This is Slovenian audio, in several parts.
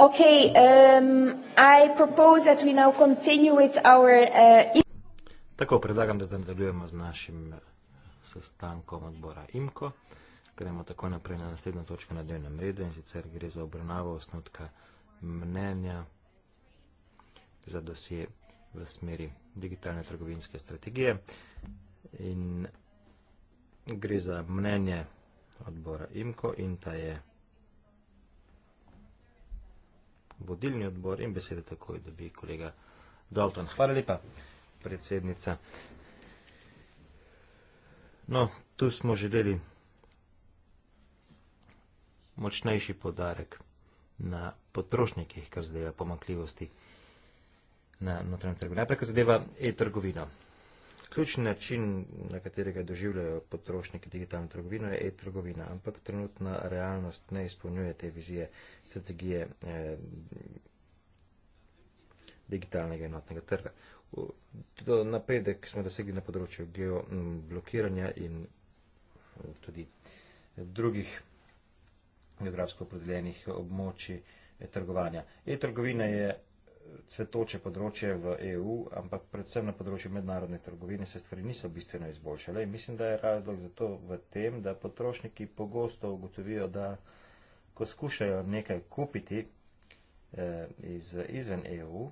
Okay, um, I propose that we now continue with our... Uh, Tako, predlagam, da zdaj nadaljujemo z našim uh, sestankom odbora IMKO. Gremo tako naprej na naslednjo točko na dnevnem redu in sicer gre za obravnavo osnutka mnenja za dosje v smeri digitalne trgovinske strategije. In gre za mnenje odbora IMKO in ta je vodilni odbor in besede takoj dobi kolega Dalton. Hvala lepa, predsednica. No, tu smo želeli močnejši podarek na potrošnikih, kar zadeva pomankljivosti na notranjem trgu. Najprej, kar zadeva e-trgovino ključni način, na katerega doživljajo potrošniki digitalno trgovino, je e-trgovina, ampak trenutna realnost ne izpolnjuje te vizije strategije eh, digitalnega enotnega trga. To napredek smo dosegli na področju geoblokiranja in eh, tudi drugih geografsko opredeljenih območij e-trgovanja. Eh, e-trgovina je cvetoče področje v EU, ampak predvsem na področju mednarodne trgovine se stvari niso bistveno izboljšale. In mislim, da je razlog za to v tem, da potrošniki pogosto ugotovijo, da ko skušajo nekaj kupiti eh, iz, izven EU,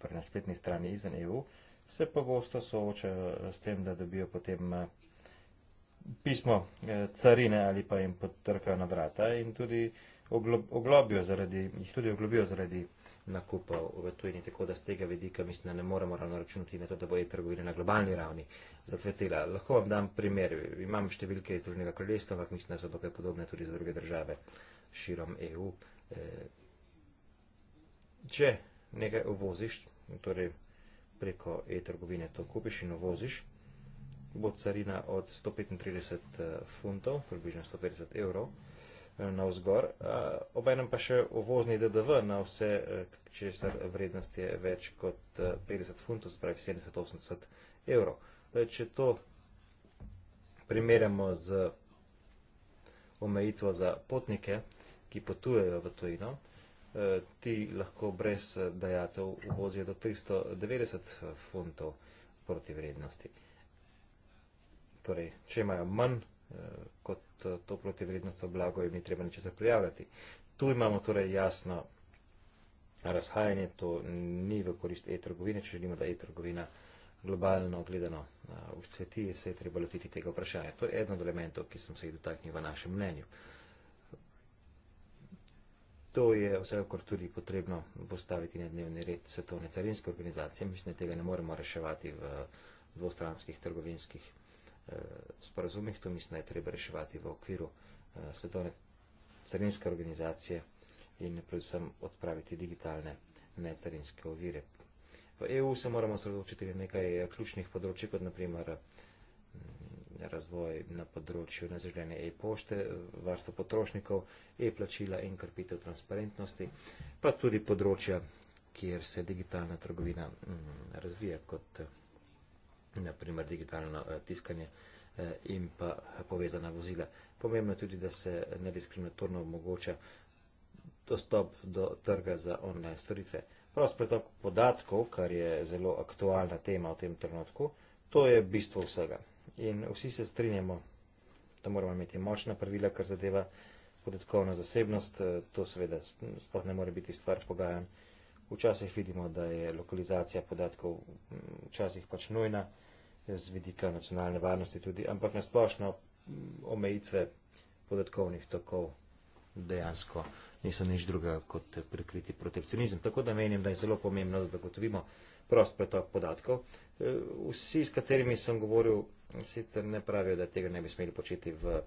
torej na spletni strani izven EU, se pogosto soočajo s tem, da dobijo potem eh, pismo eh, carine ali pa jim potrkajo na vrata in tudi oglo, oglobijo zaradi, jih tudi oglobijo zaradi nakupov v tujini, tako da z tega vidika mislim, da ne moremo ravno računati na to, da bo e-trgovina na globalni ravni zacvetila. Lahko vam dam primer, imam številke iz Združenega kraljestva, ampak mislim, da so dokaj podobne tudi za druge države širom EU. Eh, če nekaj uvoziš, torej preko e-trgovine to kupiš in uvoziš, bo carina od 135 eh, funtov, približno 150 evrov, navzgor. Obenem pa še uvozni DDV na vse, e, če se vrednost je več kot 50 e, funtov, spravi 70-80 evrov. E, če to primerjamo z omejitvo za potnike, ki potujejo v tojino, ti lahko brez dajatev uvozijo do 390 funtov proti vrednosti. Torej, če imajo manj Eh, kot eh, to protivrednostno blago jim ni treba ničesar prijavljati. Tu imamo torej jasno razhajanje, to ni v korist e-trgovine, če želimo, da e-trgovina globalno gledano v eh, cveti, se je treba lotiti tega vprašanja. To je eden od elementov, ki sem se jih dotaknil v našem mnenju. To je vse, kar tudi potrebno postaviti na dnevni red svetovne carinske organizacije. Mislim, da tega ne moremo reševati v dvostranskih trgovinskih Eh, sporazumih, to mislim, da je treba reševati v okviru eh, svetovne carinske organizacije in predvsem odpraviti digitalne necarinske ovire. V EU se moramo sredočiti na nekaj eh, ključnih področjih, kot naprimer mm, razvoj na področju nezaželjene e-pošte, varstvo potrošnikov, e-plačila in krpitev transparentnosti, pa tudi področja, kjer se digitalna trgovina mm, razvija kot področje naprimer digitalno eh, tiskanje eh, in pa povezana vozila. Pomembno je tudi, da se nediskriminatorno omogoča dostop do trga za online storitve. Prost pretok podatkov, kar je zelo aktualna tema v tem trenutku, to je bistvo vsega. In vsi se strinjamo, da moramo imeti močna pravila, kar zadeva podatkovno zasebnost. Eh, to seveda sploh ne more biti stvar pogajanj. Včasih vidimo, da je lokalizacija podatkov mm, včasih pač nujna z vidika nacionalne varnosti tudi, ampak nasplošno mm, omejitve podatkovnih tokov dejansko niso nič druga kot prikriti protekcionizem. Tako da menim, da je zelo pomembno, da zagotovimo prost pretok podatkov. E, vsi, s katerimi sem govoril, sicer ne pravijo, da tega ne bi smeli početi v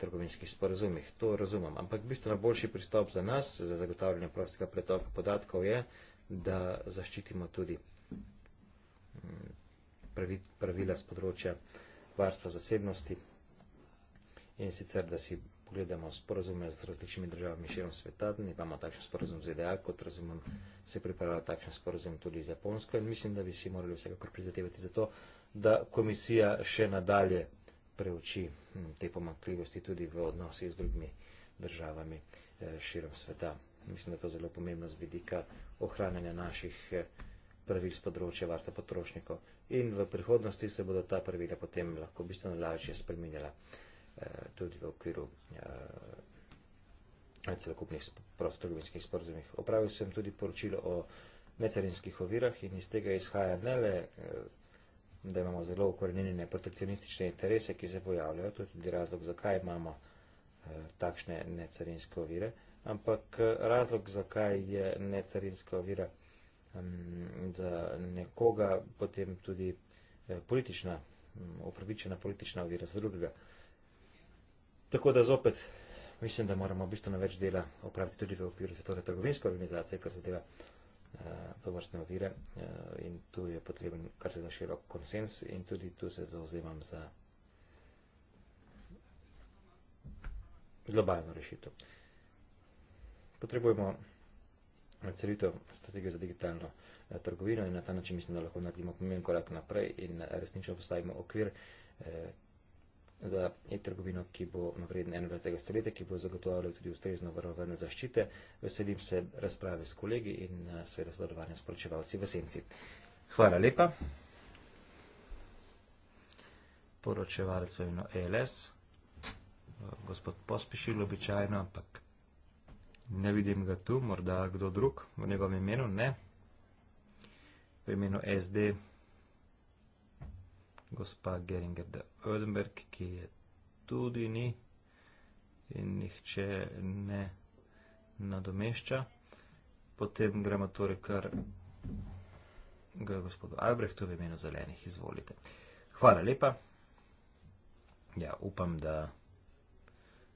trgovinskih sporazumih. To razumem. Ampak bistveno boljši pristop za nas, za zagotavljanje prostega pretoka podatkov, je, da zaščitimo tudi mm, pravi, pravila z področja varstva zasebnosti in sicer, da si pogledamo sporazume z različnimi državami širom sveta, da imamo takšen sporazum z EDA, kot razumem, se pripravlja takšen sporazum tudi z Japonsko in mislim, da bi si morali vsekakor prizadevati za to, da komisija še nadalje preuči hm, te pomankljivosti tudi v odnosih z drugimi državami eh, širom sveta. Mislim, da je to zelo pomembno z vidika ohranjanja naših eh, pravil z področja varstva potrošnikov in v prihodnosti se bodo ta pravila potem lahko bistveno lažje spremenjala eh, tudi v okviru celokupnih prostorovinskih sporozumih. Opravil sem tudi poročilo o necarinskih ovirah in iz tega izhaja ne le da imamo zelo ukorenjene protekcionistične interese, ki se pojavljajo, to je tudi razlog, zakaj imamo eh, takšne necarinske ovire, ampak eh, razlog, zakaj je necarinska ovira mm, za nekoga, potem tudi eh, politična, mm, upravičena politična ovira za drugega. Tako da zopet mislim, da moramo bistveno več dela opraviti tudi v okviru svetovne trgovinske organizacije, kar zadeva Eh, to vrstne ovire eh, in tu je potreben kar zelo širok konsens in tudi tu se zauzemam za globalno rešitev. Potrebujemo celito strategijo za digitalno eh, trgovino in na ta način mislim, da lahko naredimo pomemben korak naprej in resnično postavimo okvir, za e-trgovino, ki bo na vredni 21. stoletja, ki bo zagotovljala tudi ustrezno varovane zaščite. Veselim se razprave s kolegi in eh, seveda sodelovanja s poročevalci v senci. Hvala lepa. Poročevalec v eno ELS, eh, gospod Pospišil običajno, ampak ne vidim ga tu, morda kdo drug v njegovem imenu, ne. V imenu SD gospa Geringer de Oldenberg, ki je tudi ni in nihče ne nadomešča. Potem gremo torej kar ga gospodu Albrehtu v imenu zelenih. Izvolite. Hvala lepa. Ja, upam, da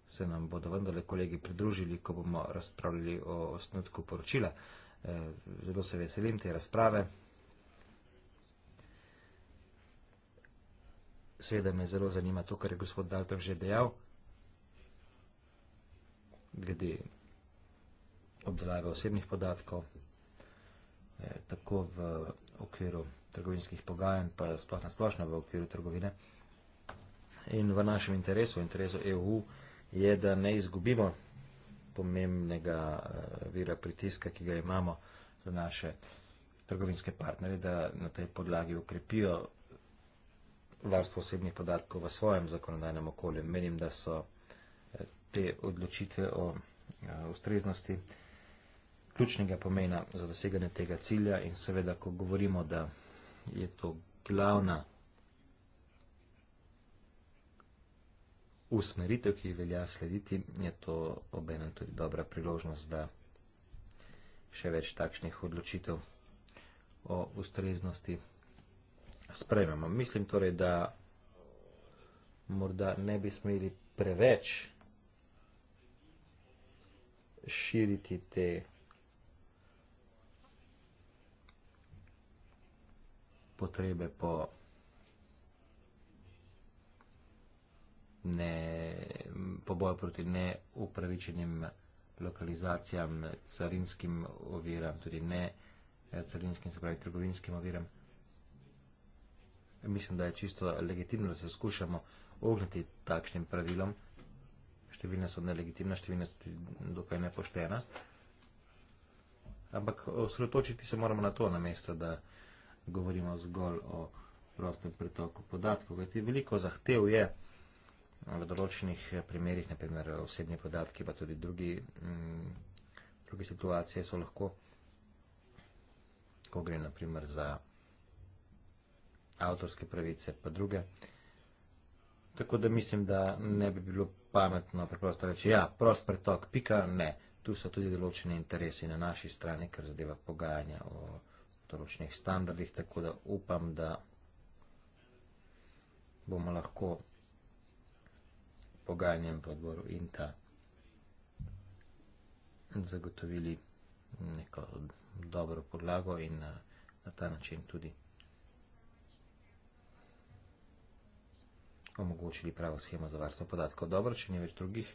se nam bodo vendarle kolegi pridružili, ko bomo razpravljali o osnutku poročila. Eh, zelo se veselim te razprave. Seveda me zelo zanima to, kar je gospod Daltov že dejal, glede obdelave osebnih podatkov, eh, tako v okviru trgovinskih pogajanj, pa sploh na splošno v okviru trgovine. In v našem interesu, v interesu EU, je, da ne izgubimo pomembnega eh, vira pritiska, ki ga imamo za naše trgovinske partnere, da na tej podlagi ukrepijo varstvo osebnih podatkov v svojem zakonodajnem okolju. Menim, da so eh, te odločitve o eh, ustreznosti ključnega pomena za doseganje tega cilja in seveda, ko govorimo, da je to glavna usmeritev, ki velja slediti, je to obenem tudi dobra priložnost, da še več takšnih odločitev o ustreznosti spremamo. Mislim torej, da morda ne bi smeli preveč širiti te potrebe po ne po boju proti neupravičenim lokalizacijam, carinskim oviram, tudi ne carinskim, se pravi trgovinskim oviram mislim, da je čisto legitimno, da se skušamo ogniti takšnim pravilom. Številne so nelegitimne, številne so dokaj nepoštene. Ampak osredotočiti se moramo na to, na mesto, da govorimo zgolj o prostem pretoku podatkov. Kajti veliko zahtev je v določenih primerjih, naprimer osebni podatki, pa tudi drugi, mm, druge situacije so lahko, ko gre naprimer za avtorske pravice pa druge. Tako da mislim, da ne bi bilo pametno preprosto reči, ja, prost pretok, pika, ne. Tu so tudi določene interesi na naši strani, ker zadeva pogajanja o določenih standardih, tako da upam, da bomo lahko pogajanjem v odboru INTA zagotovili neko dobro podlago in na, eh, na ta način tudi. omogočili pravo schemo za varstvo podatkov. Dobro, če ni več drugih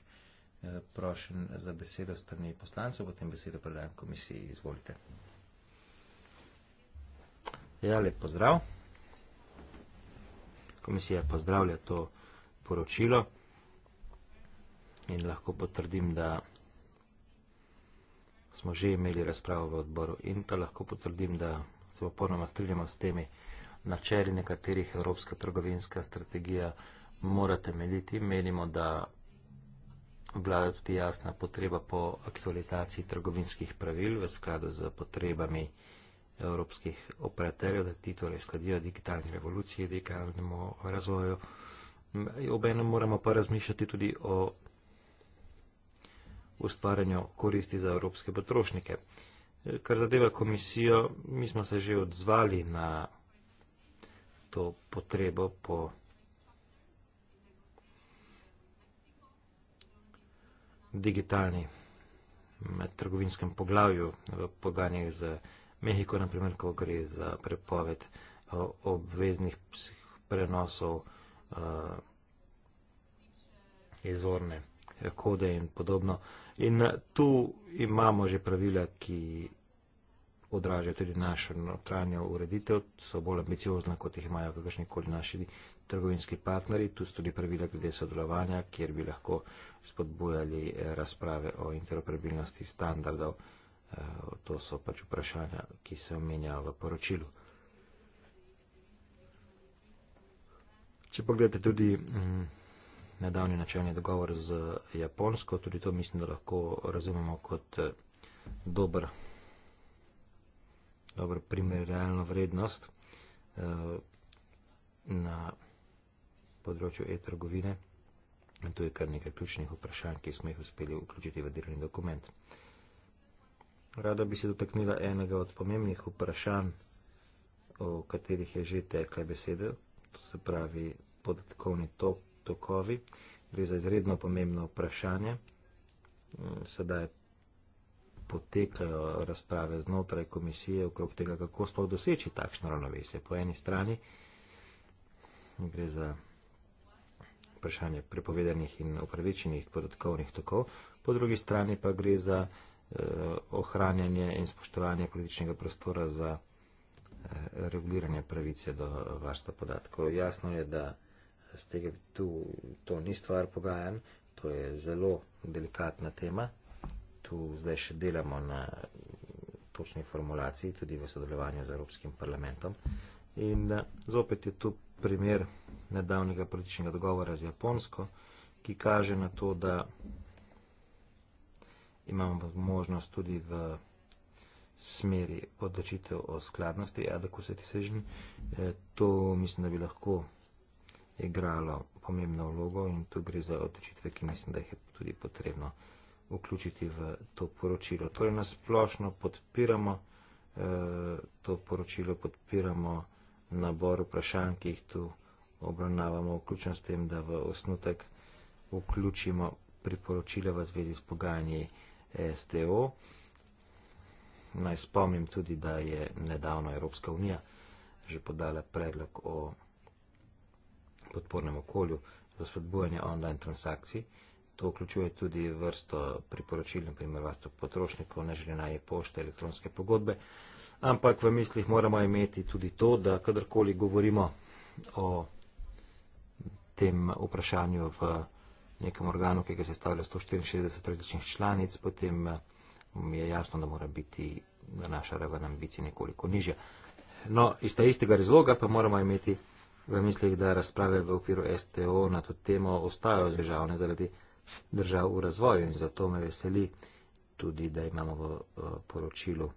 eh, prošen za besedo strani poslancev, potem besedo predajam komisiji. Izvolite. Ja, lep pozdrav. Komisija pozdravlja to poročilo in lahko potrdim, da smo že imeli razpravo v odboru in to lahko potrdim, da se popolnoma strinjamo s temi načeli, na katerih evropska trgovinska strategija mora temeljiti. Menimo, da vlada tudi jasna potreba po aktualizaciji trgovinskih pravil v skladu z potrebami evropskih operaterjev, da ti torej skladijo digitalni revoluciji, digitalnemu razvoju. Obenem moramo pa razmišljati tudi o ustvarjanju koristi za evropske potrošnike. Kar zadeva komisijo, mi smo se že odzvali na to potrebo po digitalni trgovinskem poglavju v pogajanjih z Mehiko, naprimer, ko gre za prepoved eh, obveznih prenosov eh, izvorne kode in podobno. In eh, tu imamo že pravila, ki odražajo tudi našo notranjo ureditev, so bolj ambiciozna, kot jih imajo kakršnikoli naši trgovinski partneri. Tu so tudi pravila glede sodelovanja, kjer bi lahko spodbujali eh, razprave o interoperabilnosti standardov. Eh, to so pač vprašanja, ki se omenjajo v poročilu. Če pogledate tudi mm, nedavni načelni dogovor z Japonsko, tudi to mislim, da lahko razumemo kot eh, dober dobro primer realno vrednost eh, na področju e-trgovine. To je kar nekaj ključnih vprašanj, ki smo jih uspeli vključiti v delovni dokument. Rada bi se dotaknila enega od pomembnih vprašanj, o katerih je že tekla beseda, to se pravi podatkovni tok, tokovi. Gre za izredno pomembno vprašanje. Eh, sedaj potekajo razprave znotraj komisije okrog tega, kako sploh doseči takšno ravnovesje. Po eni strani gre za vprašanje prepovedanih in upravičenih podatkovnih tokov, po drugi strani pa gre za eh, ohranjanje in spoštovanje političnega prostora za eh, reguliranje pravice do varstva podatkov. Jasno je, da z tega tu to ni stvar pogajan, to je zelo delikatna tema tu zdaj še delamo na točni formulaciji, tudi v sodelovanju z Evropskim parlamentom. In eh, zopet je tu primer nedavnega političnega dogovora z Japonsko, ki kaže na to, da imamo možnost tudi v smeri odločitev o skladnosti, a da ko se ti sežen, to mislim, da bi lahko igralo pomembno vlogo in tu gre za odločitve, ki mislim, da jih je tudi potrebno odločiti vključiti v to poročilo. Torej nasplošno podpiramo eh, to poročilo, podpiramo nabor vprašanj, ki jih tu obravnavamo, vključno s tem, da v osnutek vključimo priporočila v zvezi s pogajanji STO. Naj spomnim tudi, da je nedavno Evropska unija že podala predlog o podpornem okolju za spodbujanje online transakcij. To vključuje tudi vrsto priporočil, naprimer vrsto potrošnikov, neželjena je pošta, elektronske pogodbe, ampak v mislih moramo imeti tudi to, da kadarkoli govorimo o tem vprašanju v nekem organu, ki ga sestavlja 164 različnih članic, potem je jasno, da mora biti naša raven ambicij nekoliko nižja. No, iz ta istega razloga pa moramo imeti v mislih, da razprave v okviru STO na to temo ostajajo zležavne zaradi držav v razvoju in zato me veseli tudi, da imamo v poročilu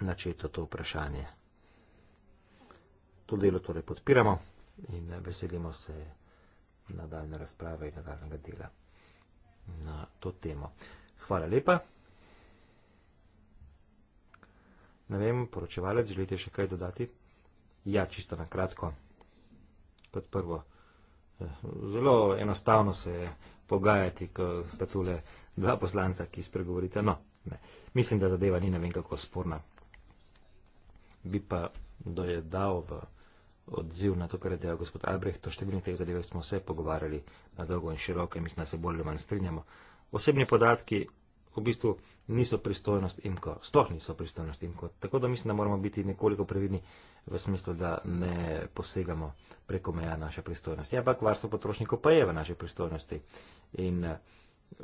načeto to vprašanje. To delo torej podpiramo in veselimo se nadaljne razprave in nadaljnega dela na to temo. Hvala lepa. Ne vem, poročevalec, želite še kaj dodati? Ja, čisto na kratko. Kot prvo, Zelo enostavno se je pogajati, ko sta tule dva poslanca, ki spregovorite. No, ne. mislim, da zadeva ni ne vem kako sporna. Bi pa dojedal v odziv na to, kar je dejal gospod Albreh. To številne teh zadeve smo se pogovarjali na dolgo in široko in mislim, da se bolj ali manj strinjamo. Osebni podatki v bistvu niso pristojnost imko, sploh niso pristojnost imko. Tako da mislim, da moramo biti nekoliko previdni v smislu, da ne posegamo preko meja naše pristojnosti. Ampak varstvo potrošnikov pa je v naši pristojnosti. In, uh,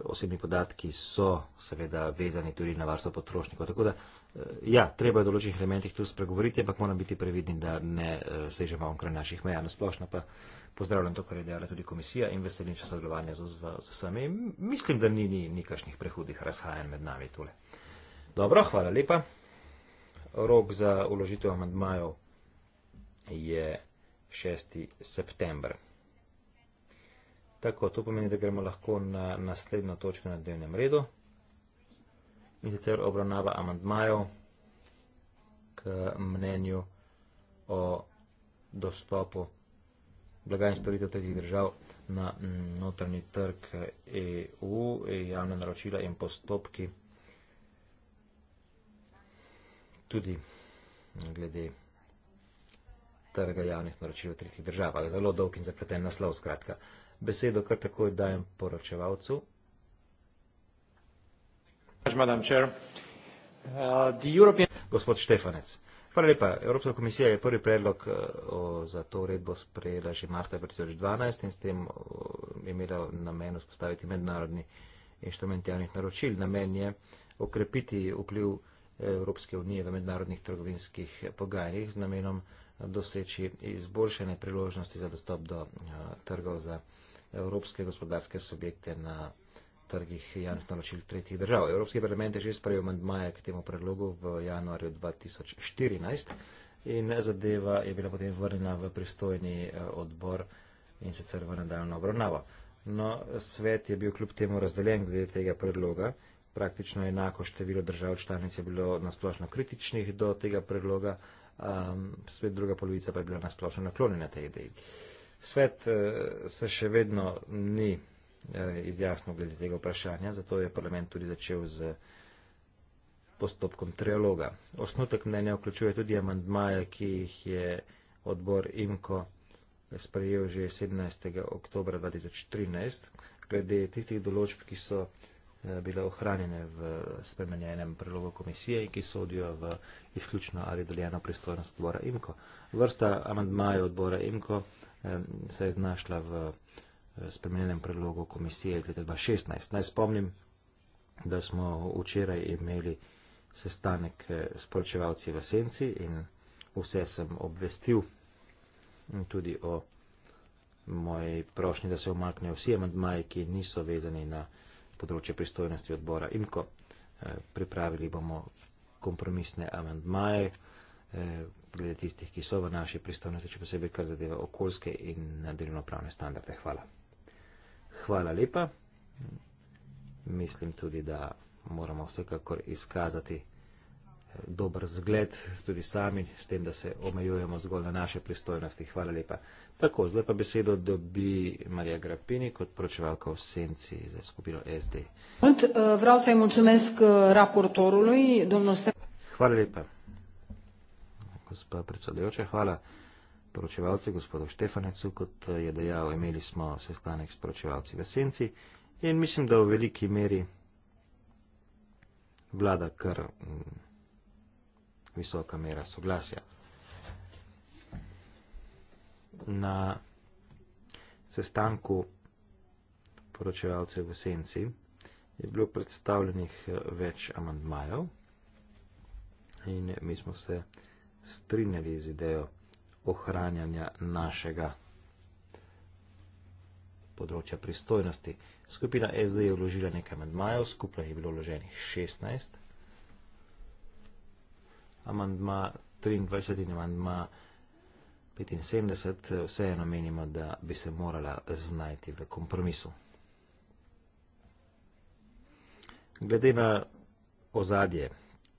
osebni podatki so seveda vezani tudi na varstvo potrošnikov. Tako da, eh, ja, treba je v določenih elementih tu spregovoriti, ampak moramo biti previdni, da ne eh, sežemo onkraj naših meja. Na splošno pa pozdravljam to, kar je dejala tudi komisija in veselim se sodelovanja z, z vsemi. Mislim, da ni, ni, ni kašnih prehudih razhajanj med nami tole. Dobro, hvala lepa. Rok za uložitev amandmajev je 6. september. Tako, to pomeni, da gremo lahko na naslednjo točko na dnevnem redu in sicer obravnava amandmajev k mnenju o dostopu blaga in storitev tretjih držav na notrni trg EU, javne naročila in postopki tudi glede trga javnih naročil v tretjih državah. Zelo dolg in zapleten naslov, skratka besedo kar takoj dajem poročevalcu. Uh, Gospod Štefanec, prva lepa, Evropska komisija je prvi predlog uh, za to uredbo sprejela že marca 2012 in s tem uh, je imela namen vzpostaviti mednarodni inštrument javnih naročil. Namen je okrepiti vpliv Evropske unije v mednarodnih trgovinskih pogajanjih z namenom doseči izboljšene priložnosti za dostop do trgov za trgov evropske gospodarske subjekte na trgih javnih naročil tretjih držav. Evropski parlament je že sprejel mandmaje k temu predlogu v januarju 2014 in zadeva je bila potem vrnjena v pristojni eh, odbor in sicer v nadaljno obravnavo. No, svet je bil kljub temu razdeljen glede tega predloga. Praktično enako število držav članic je bilo nasplošno kritičnih do tega predloga, um, spet druga polovica pa je bila nasplošno naklonjena tej ideji. Uh, Svet eh, se še vedno ni eh, izjasnil glede tega vprašanja, zato je parlament tudi začel z postopkom trialoga. Osnutek mnenja vključuje tudi amandmaje, ki jih je odbor IMKO sprejel že 17. oktober 2013, glede tistih določb, ki so eh, bile ohranjene v spremenjenem prelogu komisije in ki sodijo v izključno ali deljeno pristojnost odbora IMKO. Vrsta amandmaje odbora IMKO se je znašla v eh, spremenjenem predlogu komisije glede 2016. Naj spomnim, da smo včeraj imeli sestanek eh, s poročevalci v Senci in vse sem obvestil mm, tudi o moji prošnji, da se omaknejo vsi amandmaji, ki niso vezani na področje pristojnosti odbora IMKO. Eh, pripravili bomo kompromisne amandmaje, glede tistih, ki so v naši pristojnosti, če posebej kar zadeva okoljske in delovnopravne standarde. Hvala. Hvala lepa. Mislim tudi, da moramo vsekakor izkazati eh, dober zgled tudi sami, s tem, da se omejujemo zgolj na naše pristojnosti. Hvala lepa. Tako, zdaj pa besedo dobi Marija Grapini kot poročevalka v senci za skupino SD. Eh, eh, Hvala lepa gospod predsedujoče, hvala poročevalcu, gospodu Štefanecu, kot eh, je dejal, imeli smo sestanek s poročevalci v Senci in mislim, da v veliki meri vlada kar mm, visoka mera soglasja. Na sestanku poročevalcev v Senci je bilo predstavljenih eh, več amandmajev in mi smo se predstavljeni strinjali z idejo ohranjanja našega področja pristojnosti. Skupina SD je vložila nekaj amandmajev, skupno je bilo vloženih 16. Amandma 23 in amandma 75 vseeno menimo, da bi se morala znajti v kompromisu. Glede na ozadje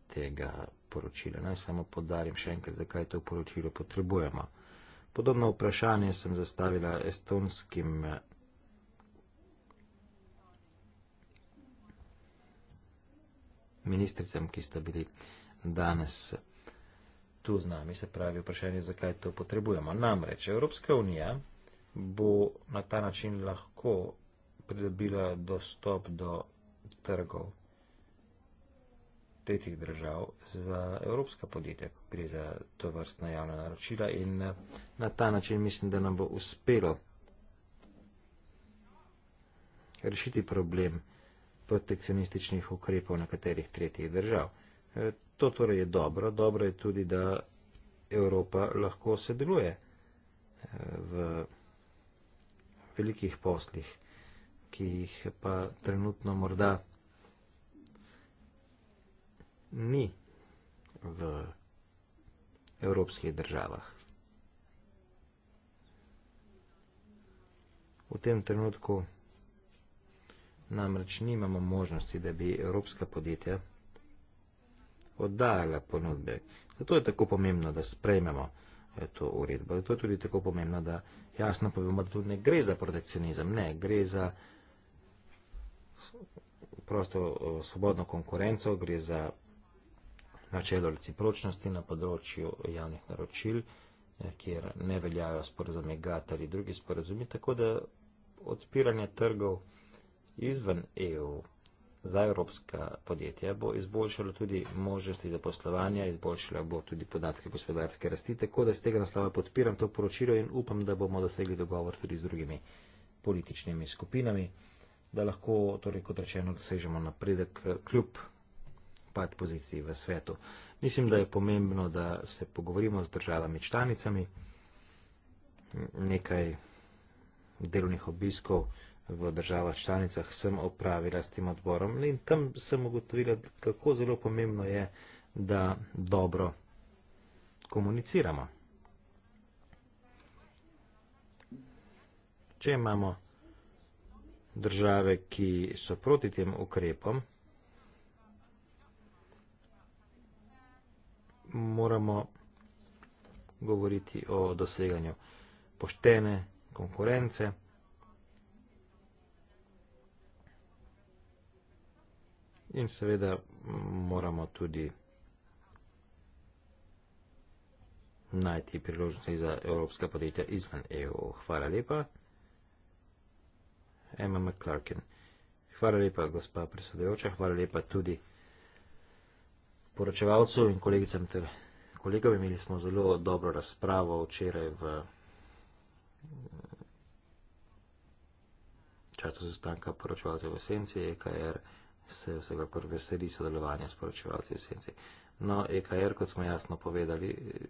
tega poročila. Naj samo podarim še enkrat, zakaj to poročilo potrebujemo. Podobno vprašanje sem zastavila estonskim ministricam, ki sta bili danes tu z nami, se pravi vprašanje, zakaj to potrebujemo. Namreč Evropska unija bo na ta način lahko pridobila dostop do trgov tretjih držav za evropska podjetja, ko gre za to vrstna javna naročila in eh, na ta način mislim, da nam bo uspelo rešiti problem protekcionističnih ukrepov nekaterih tretjih držav. Eh, to torej je dobro. Dobro je tudi, da Evropa lahko sedeluje eh, v velikih poslih, ki jih pa trenutno morda ni v evropskih državah. V tem trenutku namreč nimamo možnosti, da bi evropska podjetja oddajala ponudbe. Zato je tako pomembno, da sprejmemo eh, to uredbo. Zato je tudi tako pomembno, da jasno povemo, da tu ne gre za protekcionizem, ne, gre za prosto eh, svobodno konkurenco, gre za načelo recipročnosti na področju javnih naročil, eh, kjer ne veljajo sporozumi GATT ali drugi sporozumi, tako da odpiranje trgov izven EU za evropska podjetja bo izboljšalo tudi možnosti zaposlovanja, izboljšalo bo tudi podatke gospodarske rasti, tako da z tega naslova podpiram to poročilo in upam, da bomo dosegli dogovor tudi z drugimi političnimi skupinami, da lahko torej kot rečeno dosežemo napredek eh, kljub pad poziciji v svetu. Mislim, da je pomembno, da se pogovorimo z državami članicami. Nekaj delovnih obiskov v državah članicah sem opravila s tem odborom in tam sem ugotovila, kako zelo pomembno je, da dobro komuniciramo. Če imamo države, ki so proti tem ukrepom, moramo govoriti o doseganju poštene konkurence, In seveda moramo tudi najti priložnosti za evropska podjetja izven EU. Hvala lepa, Emma McClarkin. Hvala lepa, gospa presodajoča. Hvala lepa tudi vsega poročevalcu in kolegicam ter kolegom. Imeli smo zelo dobro razpravo včeraj v eh, času sestanka poročevalcev v Senci, EKR se vsekakor veseli sodelovanja s poročevalci v Senci. No, EKR, kot smo jasno povedali, eh,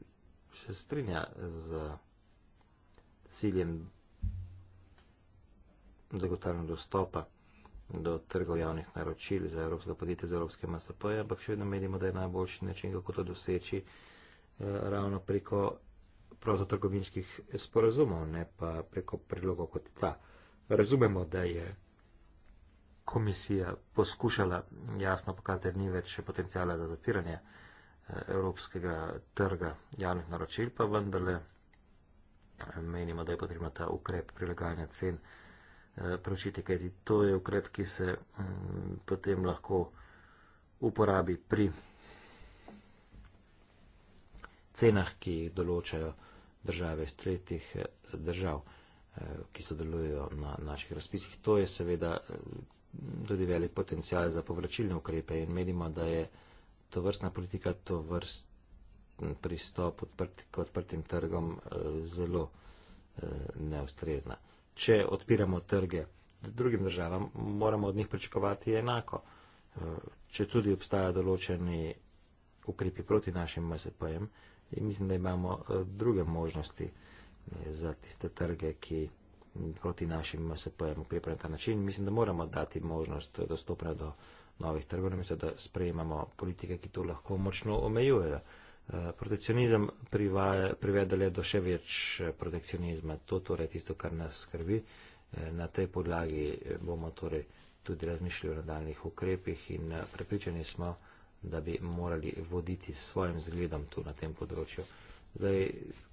se strinja z ciljem zagotavljanja dostopa do trgov javnih naročil za evropska podjetja, za evropske MSP, ampak še vedno menimo, da je najboljši način, kako to doseči, eh, ravno preko prototrgovinskih sporazumov, ne pa preko predlogov kot ta. Razumemo, da je komisija poskušala jasno pokazati, da ni več potencijala za zapiranje eh, evropskega trga javnih naročil, pa vendarle menimo, da je potrebno ta ukrep prilagajanja cen Eh, preučiti, kajti to je ukrep, ki se mm, potem lahko uporabi pri cenah, ki jih določajo države iz tretjih eh, držav, eh, ki sodelujejo na naših razpisih. To je seveda tudi velik potencial za povračilne ukrepe in menimo, da je to vrstna politika, to vrstni pristop odprti, k odprtim trgom zelo neustrezna če odpiramo trge drugim državam, moramo od njih pričakovati enako. Eh, če tudi obstajajo določeni ukrepi proti našim MSP-jem, in mislim, da imamo eh, druge možnosti eh, za tiste trge, ki proti našim MSP-jem ukrepajo na ta način. Mislim, da moramo dati možnost dostopa do novih trgov, namesto da sprejemamo politike, ki to lahko močno omejujejo. Eh, protekcionizem privedele do še več eh, protekcionizma. To je torej tisto, kar nas skrbi. Eh, na tej podlagi bomo torej tudi razmišljali o nadaljnih ukrepih in prepričani smo, da bi morali voditi s svojim zgledom tu na tem področju. Zdaj,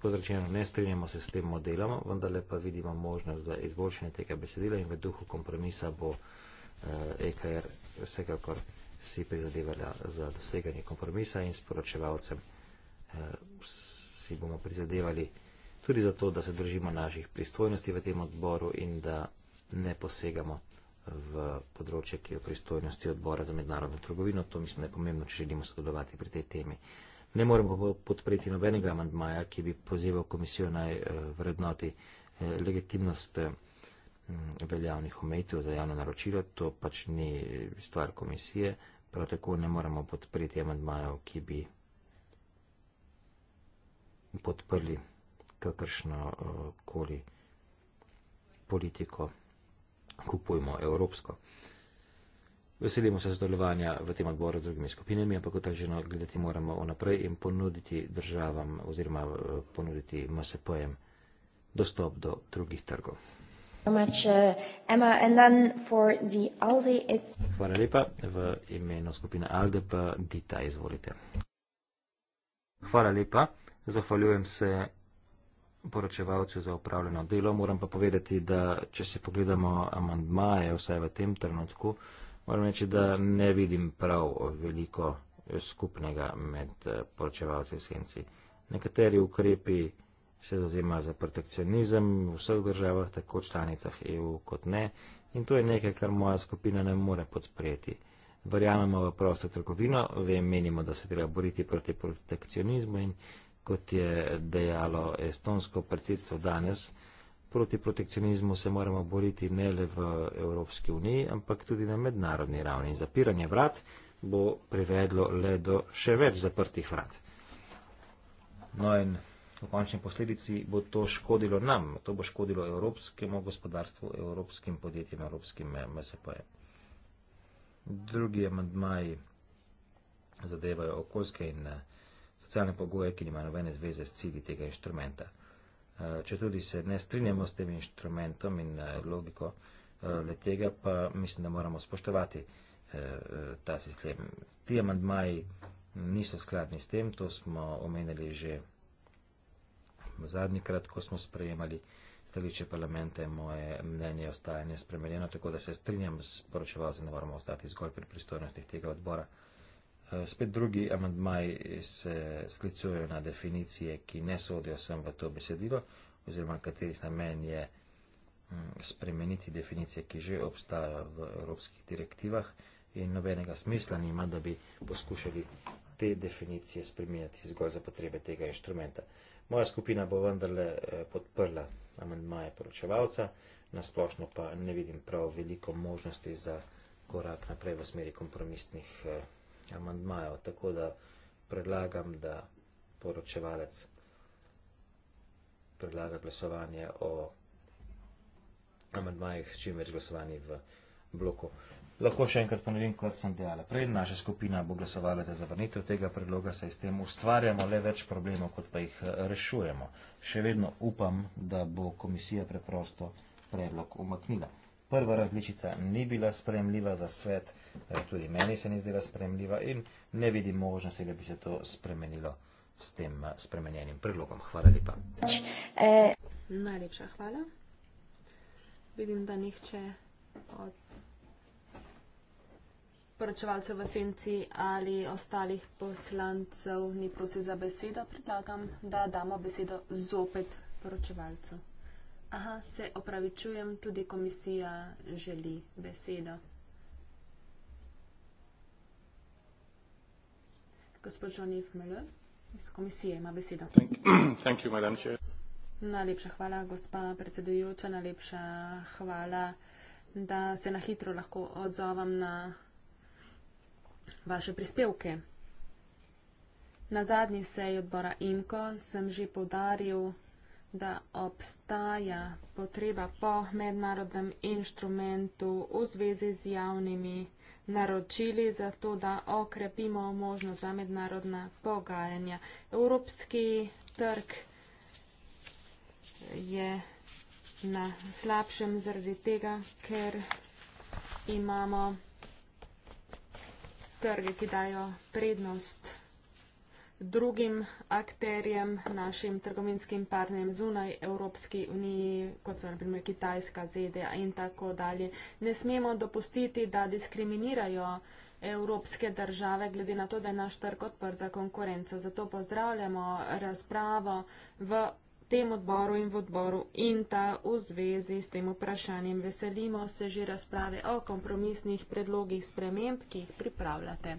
kot rečeno, ne strinjamo se s tem modelom, vendar pa vidimo možnost za izboljšanje tega besedila in v duhu kompromisa bo EKR e vsekakor si prizadevala za doseganje kompromisa in sporočevalcem. Eh, si bomo prizadevali tudi zato, da se držimo naših pristojnosti v tem odboru in da ne posegamo v področje, ki je v pristojnosti odbora za mednarodno trgovino. To mislim, da je pomembno, če želimo sodelovati pri tej temi. Ne moremo podpreti nobenega amandmaja, ki bi pozival komisijo naj eh, vrednoti eh, legitimnost veljavnih omejitev za javno naročilo. To pač ni stvar komisije. Prav tako ne moremo podpreti amandmajev, ki bi podprli kakršno eh, koli politiko, kupujmo evropsko. Veselimo se zdolovanja v tem odboru z drugimi skupinami, ampak otaženo gledati moramo vnaprej in ponuditi državam oziroma eh, ponuditi MSP-jem dostop do drugih trgov. Hvala lepa. V imenu skupine Alde pa Dita izvolite. Hvala lepa. Zahvaljujem se poročevalcu za upravljeno delo. Moram pa povedati, da če se pogledamo amandmaje, vsaj v tem trenutku, moram reči, da ne vidim prav veliko skupnega med eh, poročevalci v senci. Nekateri ukrepi se zauzemajo za protekcionizem v vseh državah, tako članicah EU kot ne, in to je nekaj, kar moja skupina ne more podpreti. Verjamemo v prosto trgovino, vem, menimo, da se treba boriti proti protekcionizmu in kot je dejalo estonsko predsedstvo danes, proti protekcionizmu se moramo boriti ne le v Evropski uniji, ampak tudi na mednarodni ravni. Zapiranje vrat bo privedlo le do še več zaprtih vrat. No in v končni posledici bo to škodilo nam, to bo škodilo evropskemu gospodarstvu, evropskim podjetjem, evropskim MSP-jem. Drugi amandmaji zadevajo okoljske in uh, socialne pogoje, ki nima nobene zveze s cilji tega inštrumenta. Eh, če tudi se ne strinjamo s tem inštrumentom in eh, logiko eh, le tega, pa mislim, da moramo spoštovati ta sistem. Ti amandmaji niso skladni s tem, to smo omenili že zadnji krat, ko smo sprejemali stališče parlamenta in moje mnenje ostaje nespremenjeno, tako da se strinjam s poročevalcem, da moramo ostati zgolj pri pristojnostih tega odbora. Eh, spet drugi amandmaji se sklicujejo na definicije, ki ne sodijo sem v to besedilo, oziroma katerih namen je mm, spremeniti definicije, ki že obstajajo v evropskih direktivah in nobenega smisla nima, da bi poskušali te definicije spremenjati zgolj za potrebe tega inštrumenta. Moja skupina bo vendarle eh, podprla amandmaje poročevalca, nasplošno pa ne vidim prav veliko možnosti za korak naprej v smeri kompromisnih eh, amandmajev. Tako da predlagam, da poročevalec predlaga glasovanje o amandmajih, čim več glasovanji v bloku. Lahko še enkrat ponovim, kot sem dejala prej, naša skupina bo glasovala za zavrnitev tega predloga, saj s tem ustvarjamo le več problemov, kot pa jih eh, rešujemo. Še vedno upam, da bo komisija preprosto predlog umaknila prva različica ni bila spremljiva za svet, eh, tudi meni se ni zdela spremljiva in ne vidim možnosti, da bi se to spremenilo s tem eh, spremenjenim predlogom. Hvala lepa. E... Najlepša hvala. Vidim, da nihče od poročevalcev v senci ali ostalih poslancev ni prosil za besedo. Predlagam, da damo besedo zopet poročevalcu. Aha, se opravičujem, tudi komisija želi besedo. Gospod Jean-Yves Mele, iz komisije ima besedo. Thank you, madam chair. Najlepša hvala, gospa predsedujoča, najlepša hvala, da se na hitro lahko odzovam na vaše prispevke. Na zadnji seji odbora IMKO sem že povdaril, da obstaja potreba po mednarodnem inštrumentu v zvezi z javnimi naročili za to, da okrepimo možnost za mednarodna pogajanja. Evropski trg je na slabšem zaradi tega, ker imamo trge, ki dajo prednost vsega drugim akterjem, našim trgovinskim partnerjem zunaj Evropske unije, kot so naprimer Kitajska, ZDA in tako dalje. Ne smemo dopustiti, da diskriminirajo evropske države, glede na to, da je naš trg odpr za konkurenco. Zato pozdravljamo razpravo v tem odboru in v odboru INTA v zvezi s tem vprašanjem. Veselimo se že razprave o kompromisnih predlogih sprememb, ki jih pripravljate.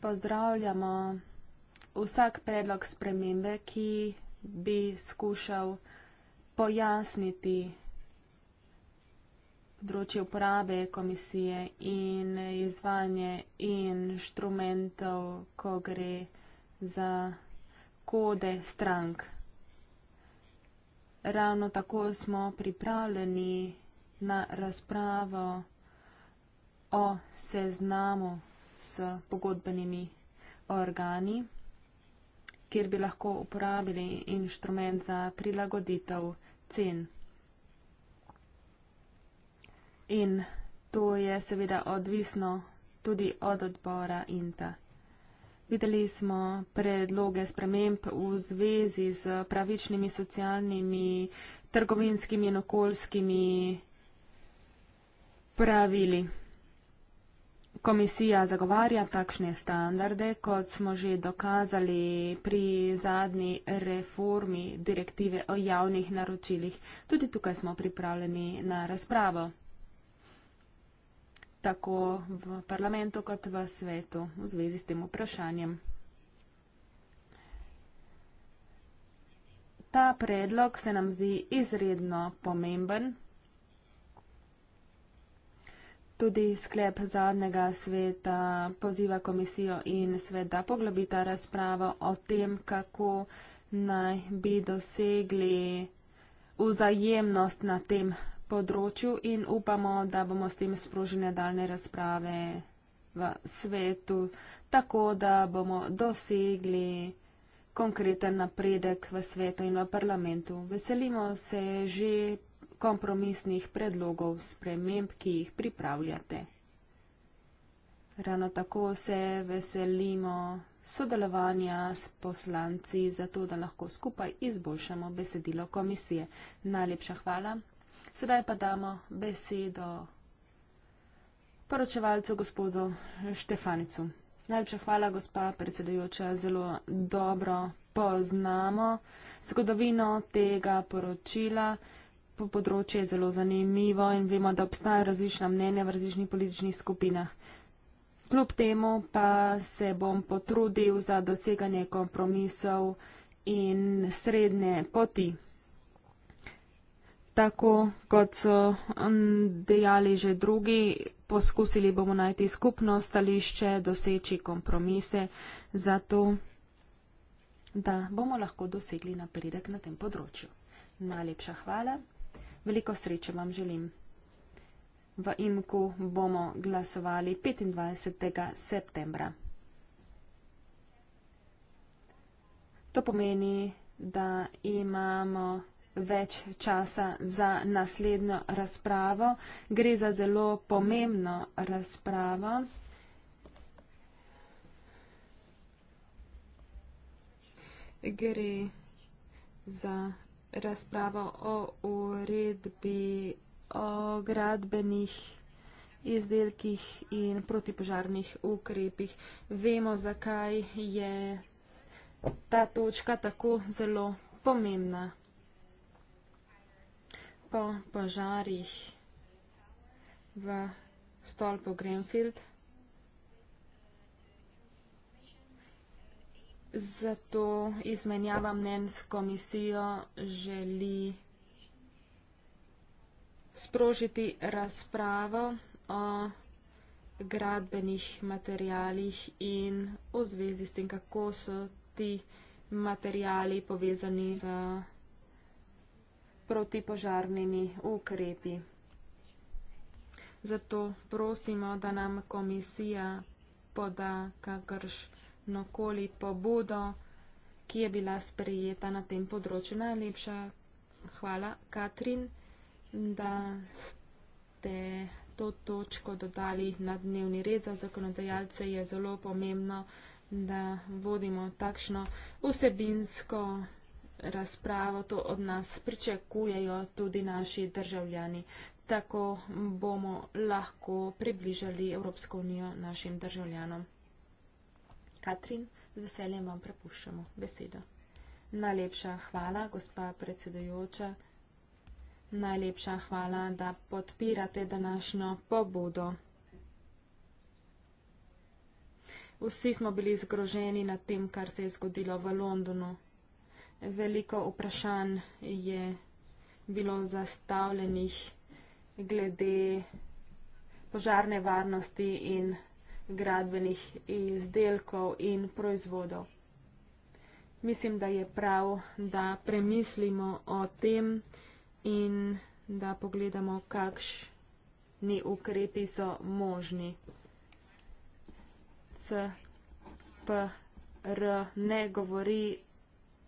pozdravljamo vsak predlog spremembe, ki bi skušal pojasniti področje uporabe komisije in izvanje inštrumentov, ko gre za kode strank. Ravno tako smo pripravljeni na razpravo o seznamu s pogodbenimi organi, kjer bi lahko uporabili inštrument za prilagoditev cen. In to je seveda odvisno tudi od odbora INTA. Videli smo predloge sprememb v zvezi z pravičnimi socialnimi, trgovinskimi in okoljskimi pravili. Komisija zagovarja takšne standarde, kot smo že dokazali pri zadnji reformi direktive o javnih naročilih. Tudi tukaj smo pripravljeni na razpravo, tako v parlamentu kot v svetu v zvezi s tem vprašanjem. Ta predlog se nam zdi izredno pomemben, Tudi sklep zadnjega sveta poziva komisijo in sveda poglobita razpravo o tem, kako naj bi dosegli vzajemnost na tem področju in upamo, da bomo s tem sprožili nadaljne razprave v svetu, tako da bomo dosegli konkreten napredek v svetu in v parlamentu. Veselimo se že kompromisnih predlogov sprememb, ki jih pripravljate. Rano tako se veselimo sodelovanja s poslanci, zato da lahko skupaj izboljšamo besedilo komisije. Najlepša hvala. Sedaj pa damo besedo poročevalcu gospodu Štefanicu. Najlepša hvala, gospa predsedujoča. Zelo dobro poznamo zgodovino tega poročila področje je zelo zanimivo in vemo, da obstajajo različna mnenja v različnih političnih skupinah. Kljub temu pa se bom potrudil za doseganje kompromisov in srednje poti, tako kot so mm, dejali že drugi. Poskusili bomo najti skupno stališče, doseči kompromise, zato da bomo lahko dosegli napredek na tem področju. Najlepša hvala. Veliko sreče vam želim. V imku bomo glasovali 25. septembra. To pomeni, da imamo več časa za naslednjo razpravo. Gre za zelo pomembno razpravo. Gre za razpravo o uredbi o gradbenih izdelkih in protipožarnih ukrepih. Vemo, zakaj je ta točka tako zelo pomembna. Po požarih v stolpu Greenfield Zato izmenjava mnen s komisijo želi sprožiti razpravo o gradbenih materialih in v zvezi s tem, kako so ti materiali povezani z protipožarnimi ukrepi. Zato prosimo, da nam komisija poda kakršne nokoli pobudo, ki je bila sprejeta na tem področju. Najlepša hvala, Katrin, da ste to točko dodali na dnevni red za zakonodajalce. Je zelo pomembno, da vodimo takšno vsebinsko razpravo. To od nas pričakujejo tudi naši državljani. Tako bomo lahko približali Evropsko unijo našim državljanom. Katrin, z veseljem vam prepuščamo besedo. Najlepša hvala, gospa predsedujoča. Najlepša hvala, da podpirate današnjo pobudo. Vsi smo bili zgroženi nad tem, kar se je zgodilo v Londonu. Veliko vprašanj je bilo zastavljenih glede požarne varnosti in gradbenih izdelkov in proizvodov. Mislim, da je prav, da premislimo o tem in da pogledamo, kakšni ukrepi so možni. CPR ne govori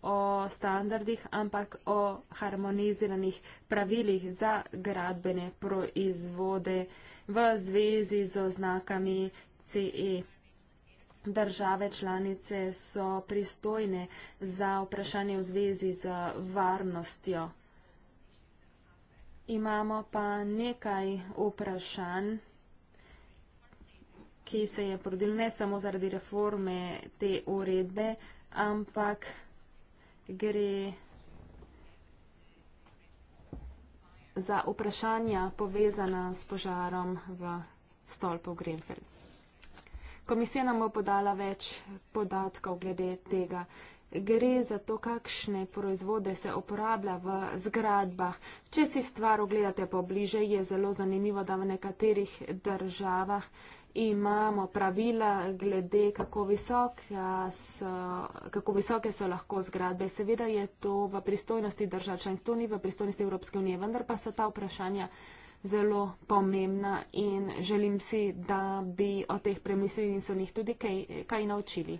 o standardih, ampak o harmoniziranih pravilih za gradbene proizvode v zvezi z oznakami CE. Države članice so pristojne za vprašanje v zvezi z varnostjo. Imamo pa nekaj vprašanj, ki se je porodilo ne samo zaradi reforme te uredbe, ampak gre za vprašanja povezana s požarom v stolpu Greenfield. Komisija nam bo podala več podatkov glede tega. Gre za to, kakšne proizvode se uporablja v zgradbah. Če si stvar ogledate pobliže, je zelo zanimivo, da v nekaterih državah imamo pravila glede, kako visoke so, kako visoke so lahko zgradbe. Seveda je to v pristojnosti držav članic, to ni v pristojnosti Evropske unije, vendar pa so ta vprašanja zelo pomembna in želim si, da bi o teh premislili in so njih tudi kaj, kaj naučili.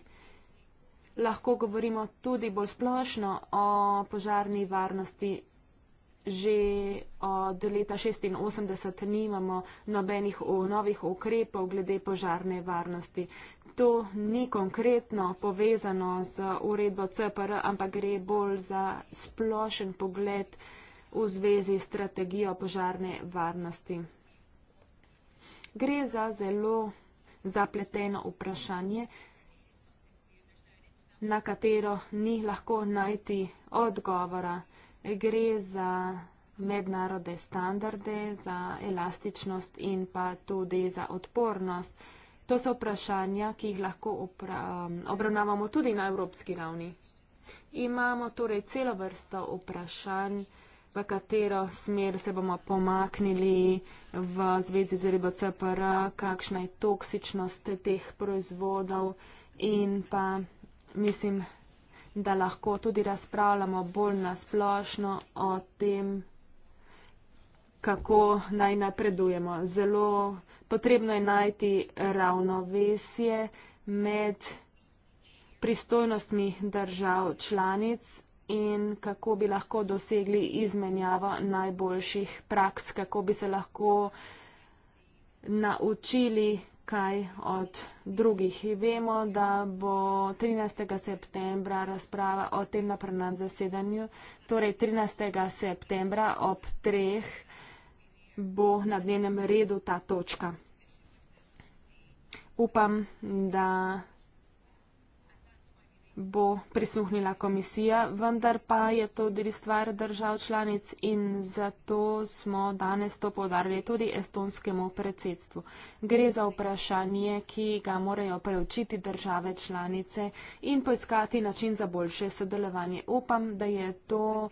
Lahko govorimo tudi bolj splošno o požarni varnosti. Že od leta 86 nimamo nobenih novih ukrepov glede požarne varnosti. To ni konkretno povezano z uredbo CPR, ampak gre bolj za splošen pogled v zvezi s strategijo požarne varnosti. Gre za zelo zapleteno vprašanje, na katero ni lahko najti odgovora. Gre za mednarode standarde, za elastičnost in pa tudi za odpornost. To so vprašanja, ki jih lahko um, obravnavamo tudi na evropski ravni. Imamo torej celo vrsto vprašanj, v katero smer se bomo pomaknili v zvezi z ribo CPR, kakšna je toksičnost teh proizvodov in pa mislim, da lahko tudi razpravljamo bolj nasplošno o tem, kako naj napredujemo. Zelo potrebno je najti ravnovesje med pristojnostmi držav članic in kako bi lahko dosegli izmenjavo najboljših praks, kako bi se lahko naučili kaj od drugih. Vemo, da bo 13. septembra razprava o tem naprnem zasedanju, torej 13. septembra ob treh bo na dnevnem redu ta točka. Upam, da bo prisuhnila komisija, vendar pa je to tudi stvar držav članic in zato smo danes to podarili tudi estonskemu predsedstvu. Gre za vprašanje, ki ga morajo preučiti države članice in poiskati način za boljše sodelovanje. Upam, da je to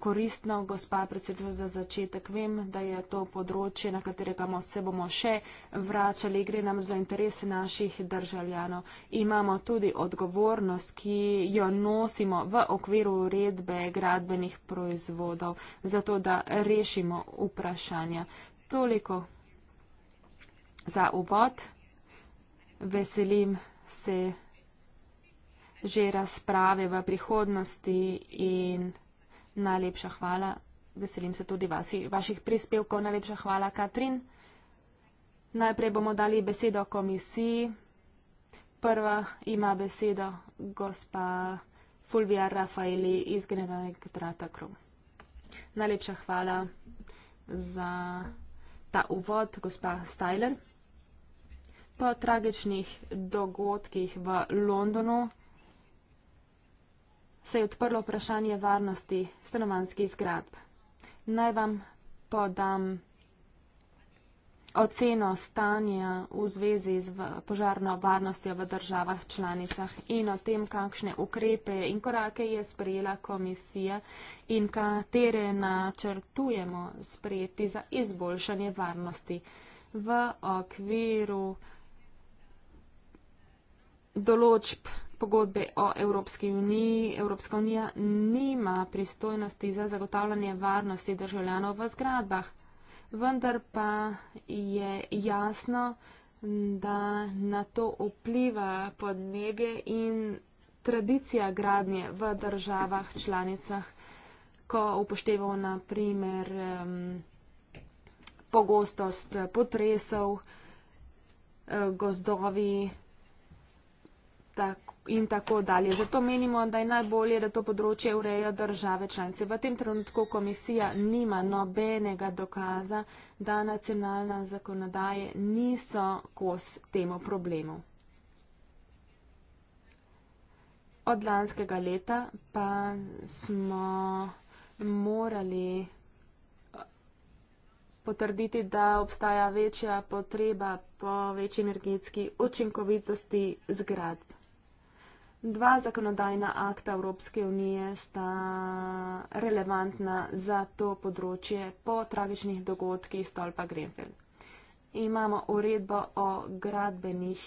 koristno, gospa predsednica, za začetek. Vem, da je to področje, na katerega se bomo še vračali, gre nam za interese naših državljanov. Imamo tudi odgovornost, ki jo nosimo v okviru uredbe gradbenih proizvodov, zato da rešimo vprašanja. Toliko za uvod. Veselim se že razprave v prihodnosti in. Najlepša hvala. Veselim se tudi vasi, vaših prispevkov. Najlepša hvala, Katrin. Najprej bomo dali besedo komisiji. Prva ima besedo gospa Fulvija Rafaeli iz generalnega trata Krum. Najlepša hvala za ta uvod, gospa Stajler. Po tragičnih dogodkih v Londonu se je odprlo vprašanje varnosti stanovanjskih zgradb. Naj vam podam oceno stanja v zvezi z požarno varnostjo v državah članicah in o tem, kakšne ukrepe in korake je sprejela komisija in katere načrtujemo sprejeti za izboljšanje varnosti v okviru določb pogodbe o Evropski uniji, Evropska unija nima pristojnosti za zagotavljanje varnosti državljanov v zgradbah. Vendar pa je jasno, da na to vpliva podnebje in tradicija gradnje v državah članicah, ko upoštevamo naprimer um, pogostost potresov, eh, gozdovi, tako in tako dalje. Zato menimo, da je najbolje, da to področje ureja države članice. V tem trenutku komisija nima nobenega dokaza, da nacionalna zakonodaje niso kos temu problemu. Od lanskega leta pa smo morali eh, potrditi, da obstaja večja potreba po večji energetski učinkovitosti zgradb. Dva zakonodajna akta Evropske unije sta relevantna za to področje po tragičnih dogodkih stolpa Greenfield. Imamo uredbo o gradbenih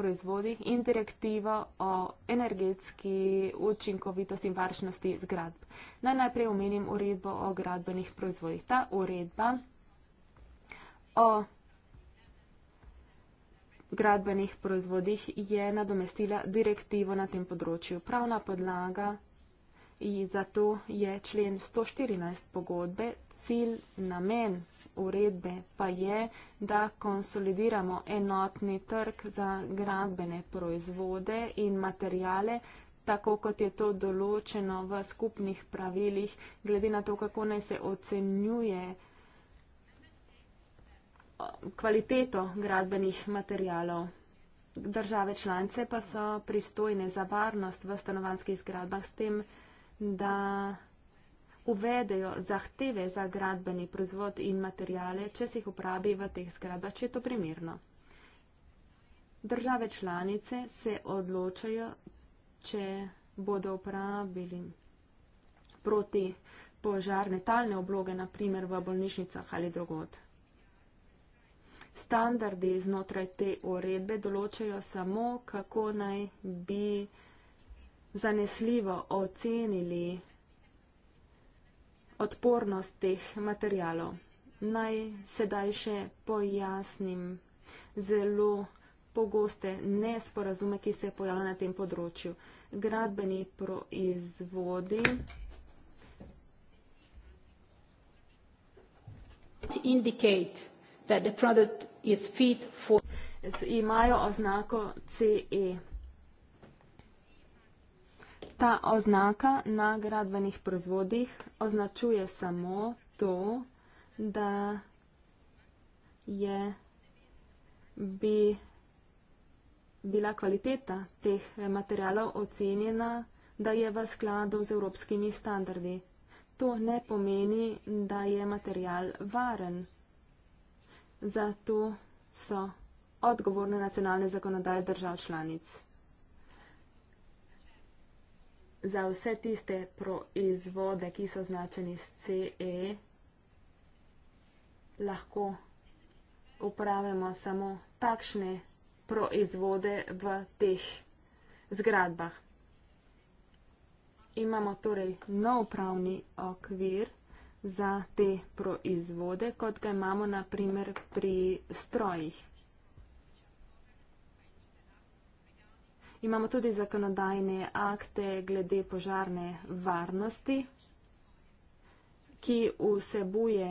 proizvodih in direktivo o energetski učinkovitosti in varčnosti zgradb. Naj najprej omenim uredbo o gradbenih proizvodih. Ta uredba o v gradbenih proizvodih je nadomestila direktivo na tem področju. Pravna podlaga in zato je člen 114 pogodbe, cilj, namen uredbe pa je, da konsolidiramo enotni trg za gradbene proizvode in materijale, tako kot je to določeno v skupnih pravilih, glede na to, kako naj se ocenjuje kvaliteto gradbenih materialov. Države članice pa so pristojne za varnost v stanovanskih zgradbah s tem, da uvedejo zahteve za gradbeni proizvod in materijale, če se jih uporabi v teh zgradbah, če je to primerno. Države članice se odločajo, če bodo uporabili proti požarne talne obloge, naprimer v bolnišnicah ali drugod standardi znotraj te uredbe določajo samo, kako naj bi zanesljivo ocenili odpornost teh materijalov. Naj sedaj še pojasnim zelo pogoste nesporazume, ki se pojavljajo na tem področju. Gradbeni proizvodi indicate that the product is fit for. Imajo oznako CE. Ta oznaka na gradbenih proizvodih označuje samo to, da je bi bila kvaliteta teh materialov ocenjena, da je v skladu z evropskimi standardi. To ne pomeni, da je material varen za to so odgovorne nacionalne zakonodaje držav članic. Za vse tiste proizvode, ki so označeni s CE, lahko uporabljamo samo takšne proizvode v teh zgradbah. Imamo torej nov pravni okvir, za te proizvode, kot ga imamo naprimer pri strojih. Imamo tudi zakonodajne akte glede požarne varnosti, ki vsebuje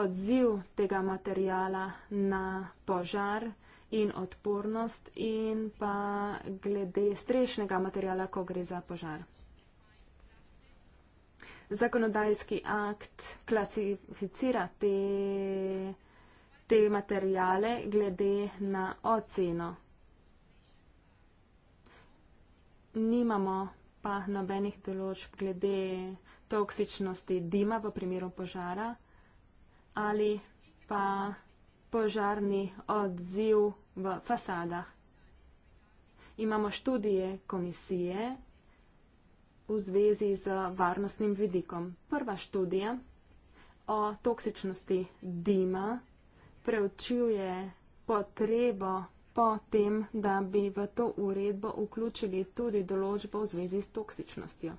odziv tega materijala na požar in odpornost in pa glede strešnega materijala, ko gre za požar zakonodajski akt klasificira te, te materijale glede na oceno. Nimamo pa nobenih določb glede toksičnosti dima v primeru požara ali pa požarni odziv v fasadah. Imamo študije komisije, v zvezi z varnostnim vidikom. Prva študija o toksičnosti dima preučuje potrebo po tem, da bi v to uredbo vključili tudi določbo v zvezi s toksičnostjo.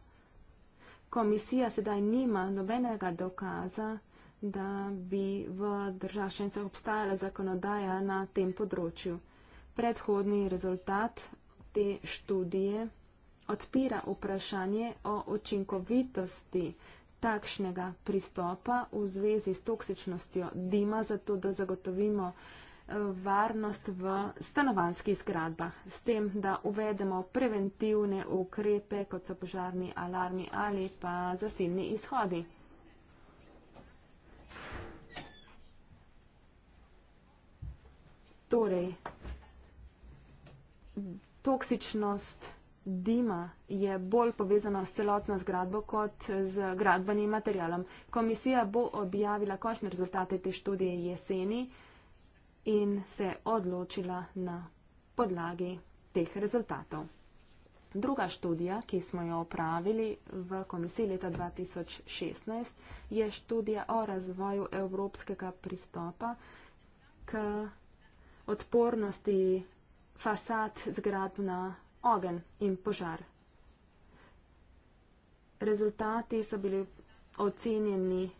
Komisija sedaj nima nobenega dokaza, da bi v državšencev obstajala zakonodaja na tem področju. Predhodni rezultat te študije odpira vprašanje o učinkovitosti takšnega pristopa v zvezi s toksičnostjo dima, zato da zagotovimo eh, varnost v stanovanskih zgradbah. S tem, da uvedemo preventivne ukrepe, kot so požarni alarmi ali pa zasilni izhodi. Torej, toksičnost vsega, dima je bolj povezano s celotno zgradbo kot z gradbenim materialom. Komisija bo objavila končne rezultate te študije jeseni in se odločila na podlagi teh rezultatov. Druga študija, ki smo jo opravili v komisiji leta 2016, je študija o razvoju evropskega pristopa k odpornosti fasad zgradb na ogenj in požar. Rezultati so bili ocenjeni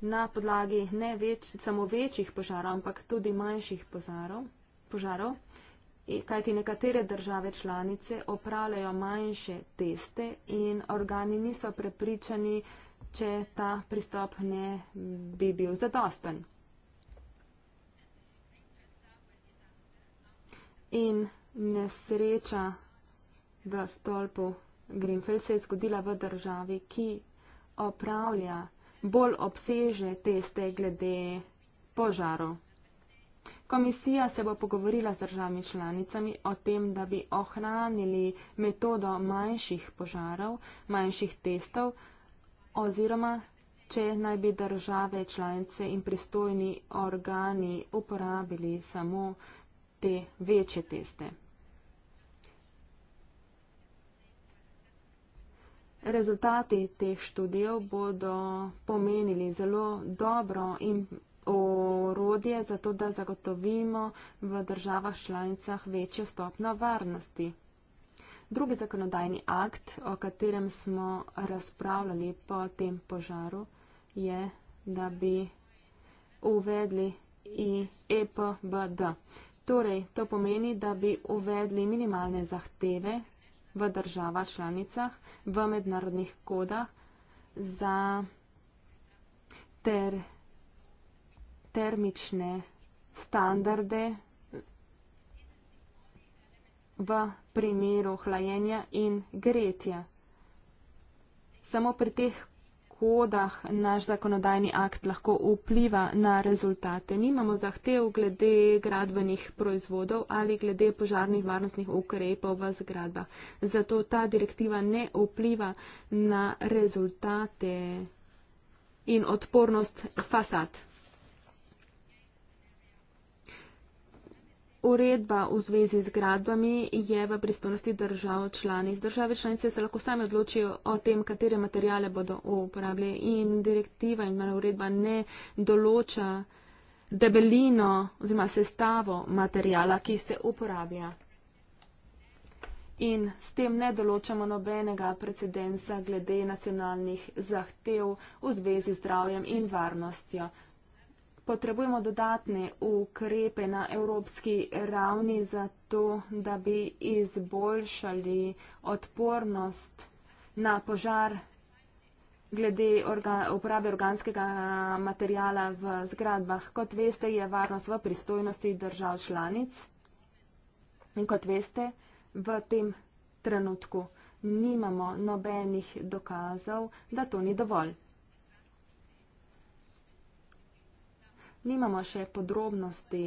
na podlagi ne več, samo večjih požarov, ampak tudi manjših požarov. požarov. E, kajti nekatere države članice opravljajo manjše teste in organi niso prepričani, če ta pristop ne bi bil zadosten. In nesreča v stolpu Greenfield se je zgodila v državi, ki opravlja bolj obsežne teste glede požarov. Komisija se bo pogovorila z državami članicami o tem, da bi ohranili metodo manjših požarov, manjših testov oziroma če naj bi države članice in pristojni organi uporabili samo te večje teste. Rezultati teh študij bodo pomenili zelo dobro in orodje za to, da zagotovimo v državah članicah večjo stopno varnosti. Drugi zakonodajni akt, o katerem smo razpravljali po tem požaru, je, da bi uvedli EPBD. Torej, to pomeni, da bi uvedli minimalne zahteve, v državah članicah, v mednarodnih kodah za ter, termične standarde v primeru hlajenja in gretja. Samo pri teh škodah naš zakonodajni akt lahko vpliva na rezultate. Nimamo zahtev glede gradbenih proizvodov ali glede požarnih varnostnih ukrepov v zgradbah. Zato ta direktiva ne vpliva na rezultate in odpornost fasad. Uredba v zvezi z gradbami je v pristojnosti držav članic. Države članice se lahko same odločijo o tem, katere materijale bodo uporabili in direktiva in uredba ne določa debelino oziroma sestavo materijala, ki se uporablja. In s tem ne določamo nobenega precedensa glede nacionalnih zahtev v zvezi z zdravjem in varnostjo potrebujemo dodatne ukrepe na evropski ravni za to, da bi izboljšali odpornost na požar glede orga, uporabe organskega materijala v zgradbah. Kot veste, je varnost v pristojnosti držav članic. In kot veste, v tem trenutku nimamo nobenih dokazov, da to ni dovolj. nimamo še podrobnosti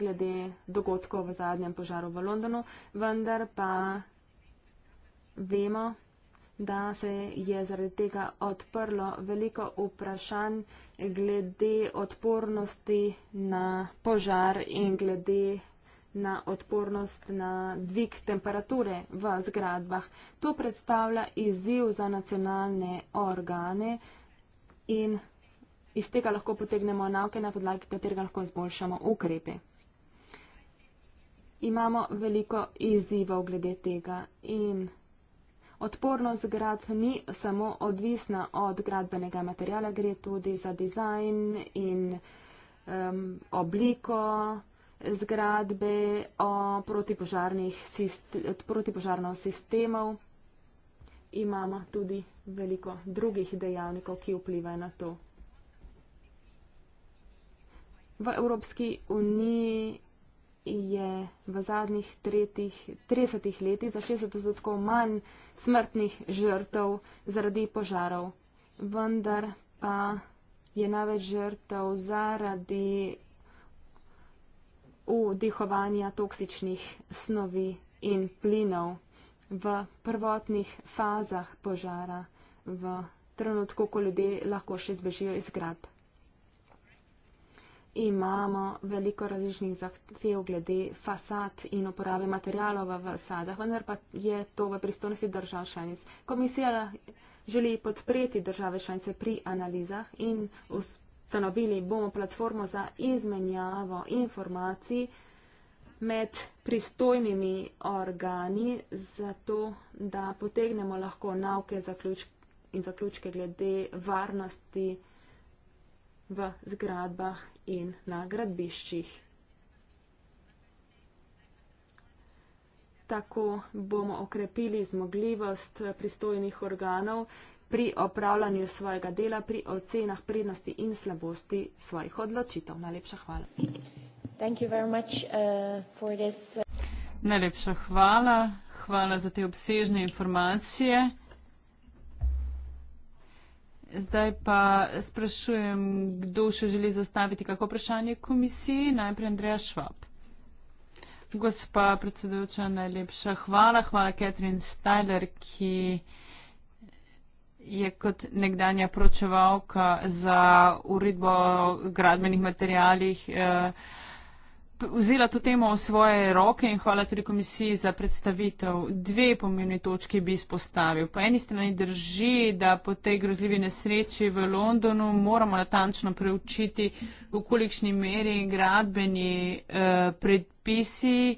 glede dogodkov v zadnjem požaru v Londonu, vendar pa vemo, da se je zaradi tega odprlo veliko vprašanj glede odpornosti na požar in glede na odpornost na dvig temperature v zgradbah. To predstavlja izziv za nacionalne organe in iz tega lahko potegnemo nauke, na podlagi katerega lahko izboljšamo ukrepe. Imamo veliko izzivov glede tega in odpornost zgradb ni samo odvisna od gradbenega materijala, gre tudi za dizajn in um, obliko zgradbe o protipožarnih sist protipožarnih sistemov. Imamo tudi veliko drugih dejavnikov, ki vplivajo na to. V Evropski uniji je v zadnjih tretjih, 30 letih za 60 odstotkov manj smrtnih žrtev zaradi požarov, vendar pa je največ žrtev zaradi vdihovanja toksičnih snovi in plinov v prvotnih fazah požara, v trenutku, ko ljudje lahko še zbežijo iz grab imamo veliko različnih zahtev glede fasad in uporabe materijalov v fasadah, vendar pa je to v pristojnosti držav šanic. Komisija želi podpreti države šanice pri analizah in ustanovili bomo platformo za izmenjavo informacij med pristojnimi organi, zato da potegnemo lahko nauke zaključ in zaključke glede varnosti v zgradbah in na gradbiščih. Tako bomo okrepili zmogljivost pristojnih organov pri opravljanju svojega dela, pri ocenah prednosti in slabosti svojih odločitev. Najlepša hvala. Thank you very much, uh, for this. Uh, Najlepša hvala. Hvala za te obsežne informacije. Zdaj pa sprašujem, kdo še želi zastaviti kako vprašanje komisiji. Najprej Andreja Švab. Gospa predsedujoča, najlepša hvala. Hvala Katrin Steiler, ki je kot nekdanja pročevalka za uredbo gradbenih materijalih. Eh, vzela to temo v svoje roke in hvala tudi komisiji za predstavitev. Dve pomembni točki bi izpostavil. Po eni strani drži, da po tej grozljivi nesreči v Londonu moramo natančno preučiti, v kolikšni meri gradbeni eh, predpisi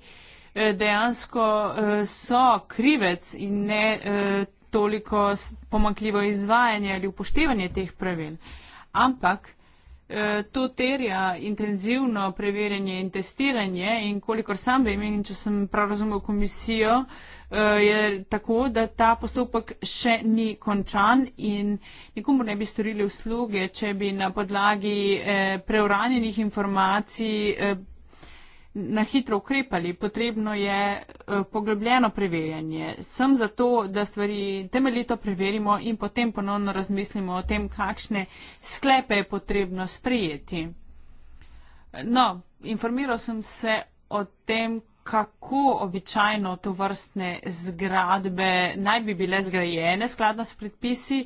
eh, dejansko eh, so krivec in ne eh, toliko pomakljivo izvajanje ali upoštevanje teh pravil. Ampak Eh, to terja intenzivno preverjanje in testiranje in kolikor sam vem in če sem prav razumel komisijo, eh, je tako, da ta postopek še ni končan in nikomu ne bi storili usluge, če bi na podlagi eh, preuranjenih informacij na hitro ukrepali, potrebno je eh, poglobljeno preverjanje. Sem zato, da stvari temeljito preverimo in potem ponovno razmislimo o tem, kakšne sklepe je potrebno sprijeti. No, informiral sem se o tem, kako običajno to vrstne zgradbe naj bi bile zgrajene skladno s predpisi,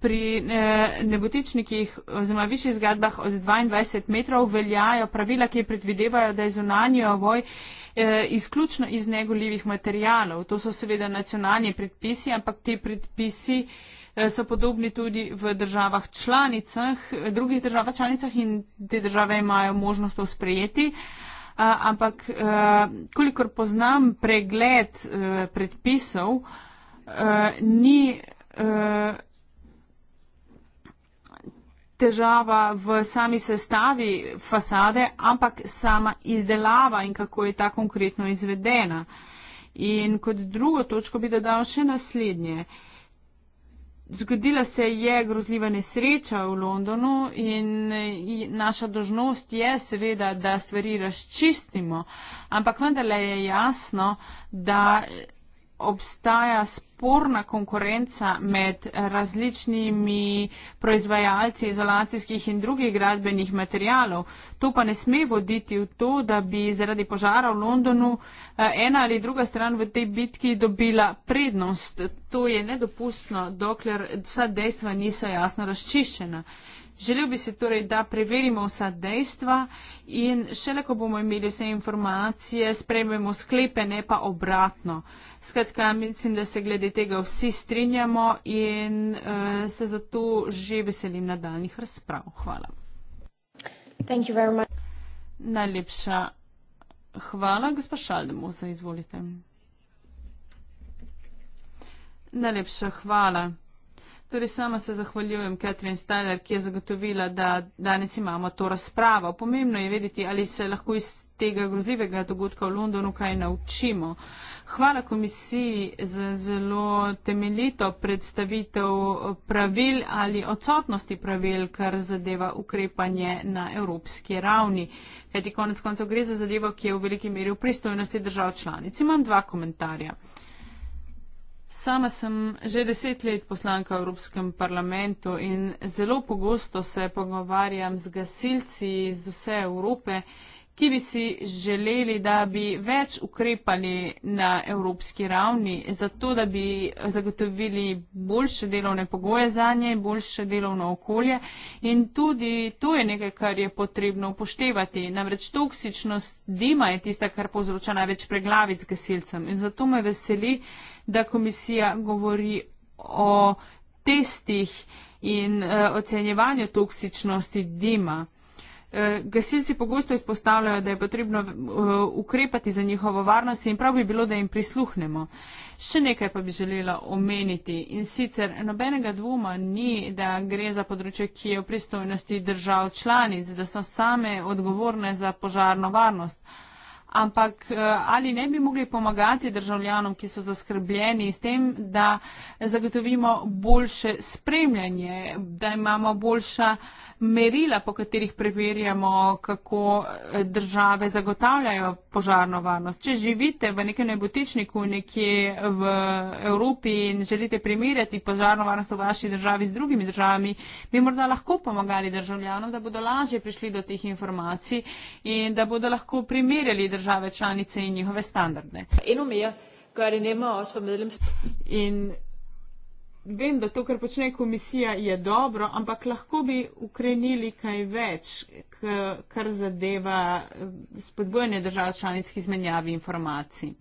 Pri eh, nebotičnikih oziroma višjih zgradbah od 22 metrov veljajo pravila, ki predvidevajo, da je zunanji ovoj eh, izključno iz negoljivih materijalov. To so seveda nacionalni predpisi, ampak te predpisi eh, so podobni tudi v državah članicah, drugih državah članicah in te države imajo možnost to sprejeti. Ampak kolikor poznam pregled predpisov, ni težava v sami sestavi fasade, ampak sama izdelava in kako je ta konkretno izvedena. In kot drugo točko bi dodal še naslednje. Zgodila se je grozljiva nesreča v Londonu in naša dožnost je seveda, da stvari razčistimo, ampak vendarle je jasno, da obstaja sporna konkurenca med različnimi proizvajalci izolacijskih in drugih gradbenih materijalov. To pa ne sme voditi v to, da bi zaradi požara v Londonu eh, ena ali druga stran v tej bitki dobila prednost. To je nedopustno, dokler vsa dejstva niso jasno razčiščena. Želel bi se torej, da preverimo vsa dejstva in šele, ko bomo imeli vse informacije, sprejmemo sklepe, ne pa obratno. Skratka, mislim, da se glede tega vsi strinjamo in uh, se zato že veselim nadaljnih razprav. Hvala. Najlepša hvala, gospod Šaldemus, izvolite. Najlepša hvala. Tudi sama se zahvaljujem Katrin Steiner, ki je zagotovila, da danes imamo to razpravo. Pomembno je vedeti, ali se lahko iz tega grozljivega dogodka v Londonu kaj naučimo. Hvala komisiji za zelo temeljito predstavitev pravil ali odsotnosti pravil, kar zadeva ukrepanje na evropski ravni. Kajti konec koncev gre za zadevo, ki je v veliki meri v pristojnosti držav članic. Imam dva komentarja. Sama sem že deset let poslanka v Evropskem parlamentu in zelo pogosto se pogovarjam z gasilci iz vse Evrope ki bi si želeli, da bi več ukrepali na evropski ravni, zato da bi zagotovili boljše delovne pogoje za nje, boljše delovno okolje. In tudi to je nekaj, kar je potrebno upoštevati. Namreč toksičnost dima je tista, kar povzroča največ preglavic gasilcem. In zato me veseli, da komisija govori o testih in uh, ocenjevanju toksičnosti dima. Eh, gasilci pogosto izpostavljajo, da je potrebno eh, ukrepati za njihovo varnost in prav bi bilo, da jim prisluhnemo. Še nekaj pa bi želela omeniti in sicer nobenega dvoma ni, da gre za področje, ki je v pristojnosti držav članic, da so same odgovorne za požarno varnost. Ampak eh, ali ne bi mogli pomagati državljanom, ki so zaskrbljeni s tem, da zagotovimo boljše spremljanje, da imamo boljša merila, po katerih preverjamo, kako eh, države zagotavljajo požarno varnost. Če živite v nekem nebotičniku nekje v Evropi in želite primerjati požarno varnost v vaši državi z drugimi državami, bi morda lahko pomagali državljanom, da bodo lažje prišli do teh informacij in da bodo lahko primerjali države članice in njihove standarde. In vem, da to, kar počne komisija, je dobro, ampak lahko bi ukrenili kaj več, kar zadeva eh, spodbojanje držav članic k izmenjavi informacij.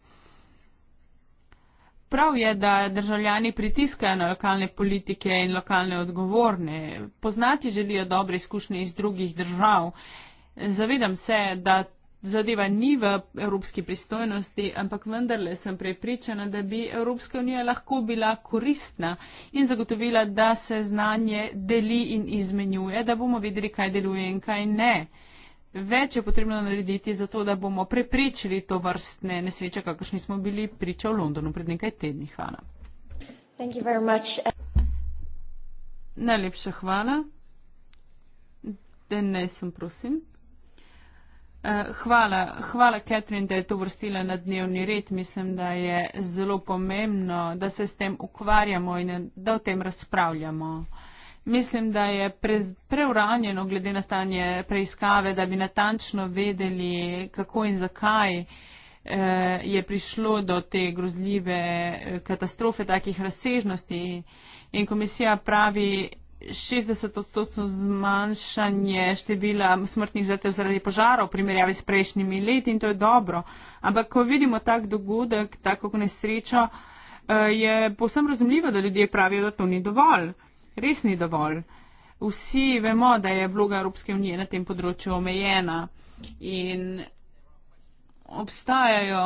Prav je, da državljani pritiskajo na lokalne politike in lokalne odgovorne. Poznati želijo dobre izkušnje iz drugih držav. Zavedam se, da zadeva ni v evropski pristojnosti, ampak vendarle sem prepričana, da bi Evropska unija lahko bila koristna in zagotovila, da se znanje deli in izmenjuje, da bomo videli, kaj deluje in kaj ne. Več je potrebno narediti za to, da bomo prepričali to vrstne nesreče, kakršni smo bili priča v Londonu pred nekaj tedni. Hvala. Najlepša hvala. Denesen, prosim. Eh, hvala, hvala Katrin, da je to vrstila na dnevni red. Mislim, da je zelo pomembno, da se s tem ukvarjamo in eh, da o tem razpravljamo. Mislim, da je pre, preuranjeno glede na stanje preiskave, da bi natančno vedeli, kako in zakaj eh, je prišlo do te grozljive eh, katastrofe takih razsežnosti. In komisija pravi, 60-odstotno zmanjšanje števila smrtnih žrtev zaradi požarov v primerjavi s prejšnjimi leti in to je dobro. Ampak, ko vidimo tak dogodek, tako nesrečo, eh, je povsem razumljivo, da ljudje pravijo, da to ni dovolj. Res ni dovolj. Vsi vemo, da je vloga Evropske unije na tem področju omejena in obstajajo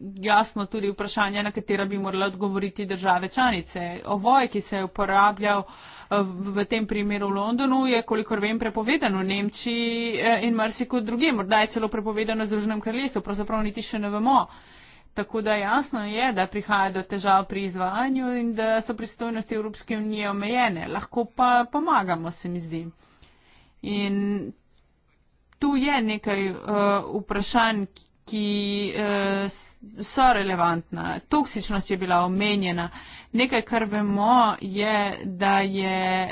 jasno tudi vprašanja, na katera bi morala odgovoriti države članice. Ovoj, ki se je uporabljal eh, v tem primeru v Londonu, je, kolikor vem, prepovedan v Nemčiji eh, in marsikod druge. Morda je celo prepovedan v Združenem kraljestvu, pravzaprav niti še ne vemo. Tako da jasno je, da prihaja do težav pri izvajanju in da so pristojnosti Evropske unije omejene. Lahko pa pomagamo, se mi zdi. In tu je nekaj uh, vprašanj, ki eh, so relevantna. Toksičnost je bila omenjena. Nekaj, kar vemo, je, da je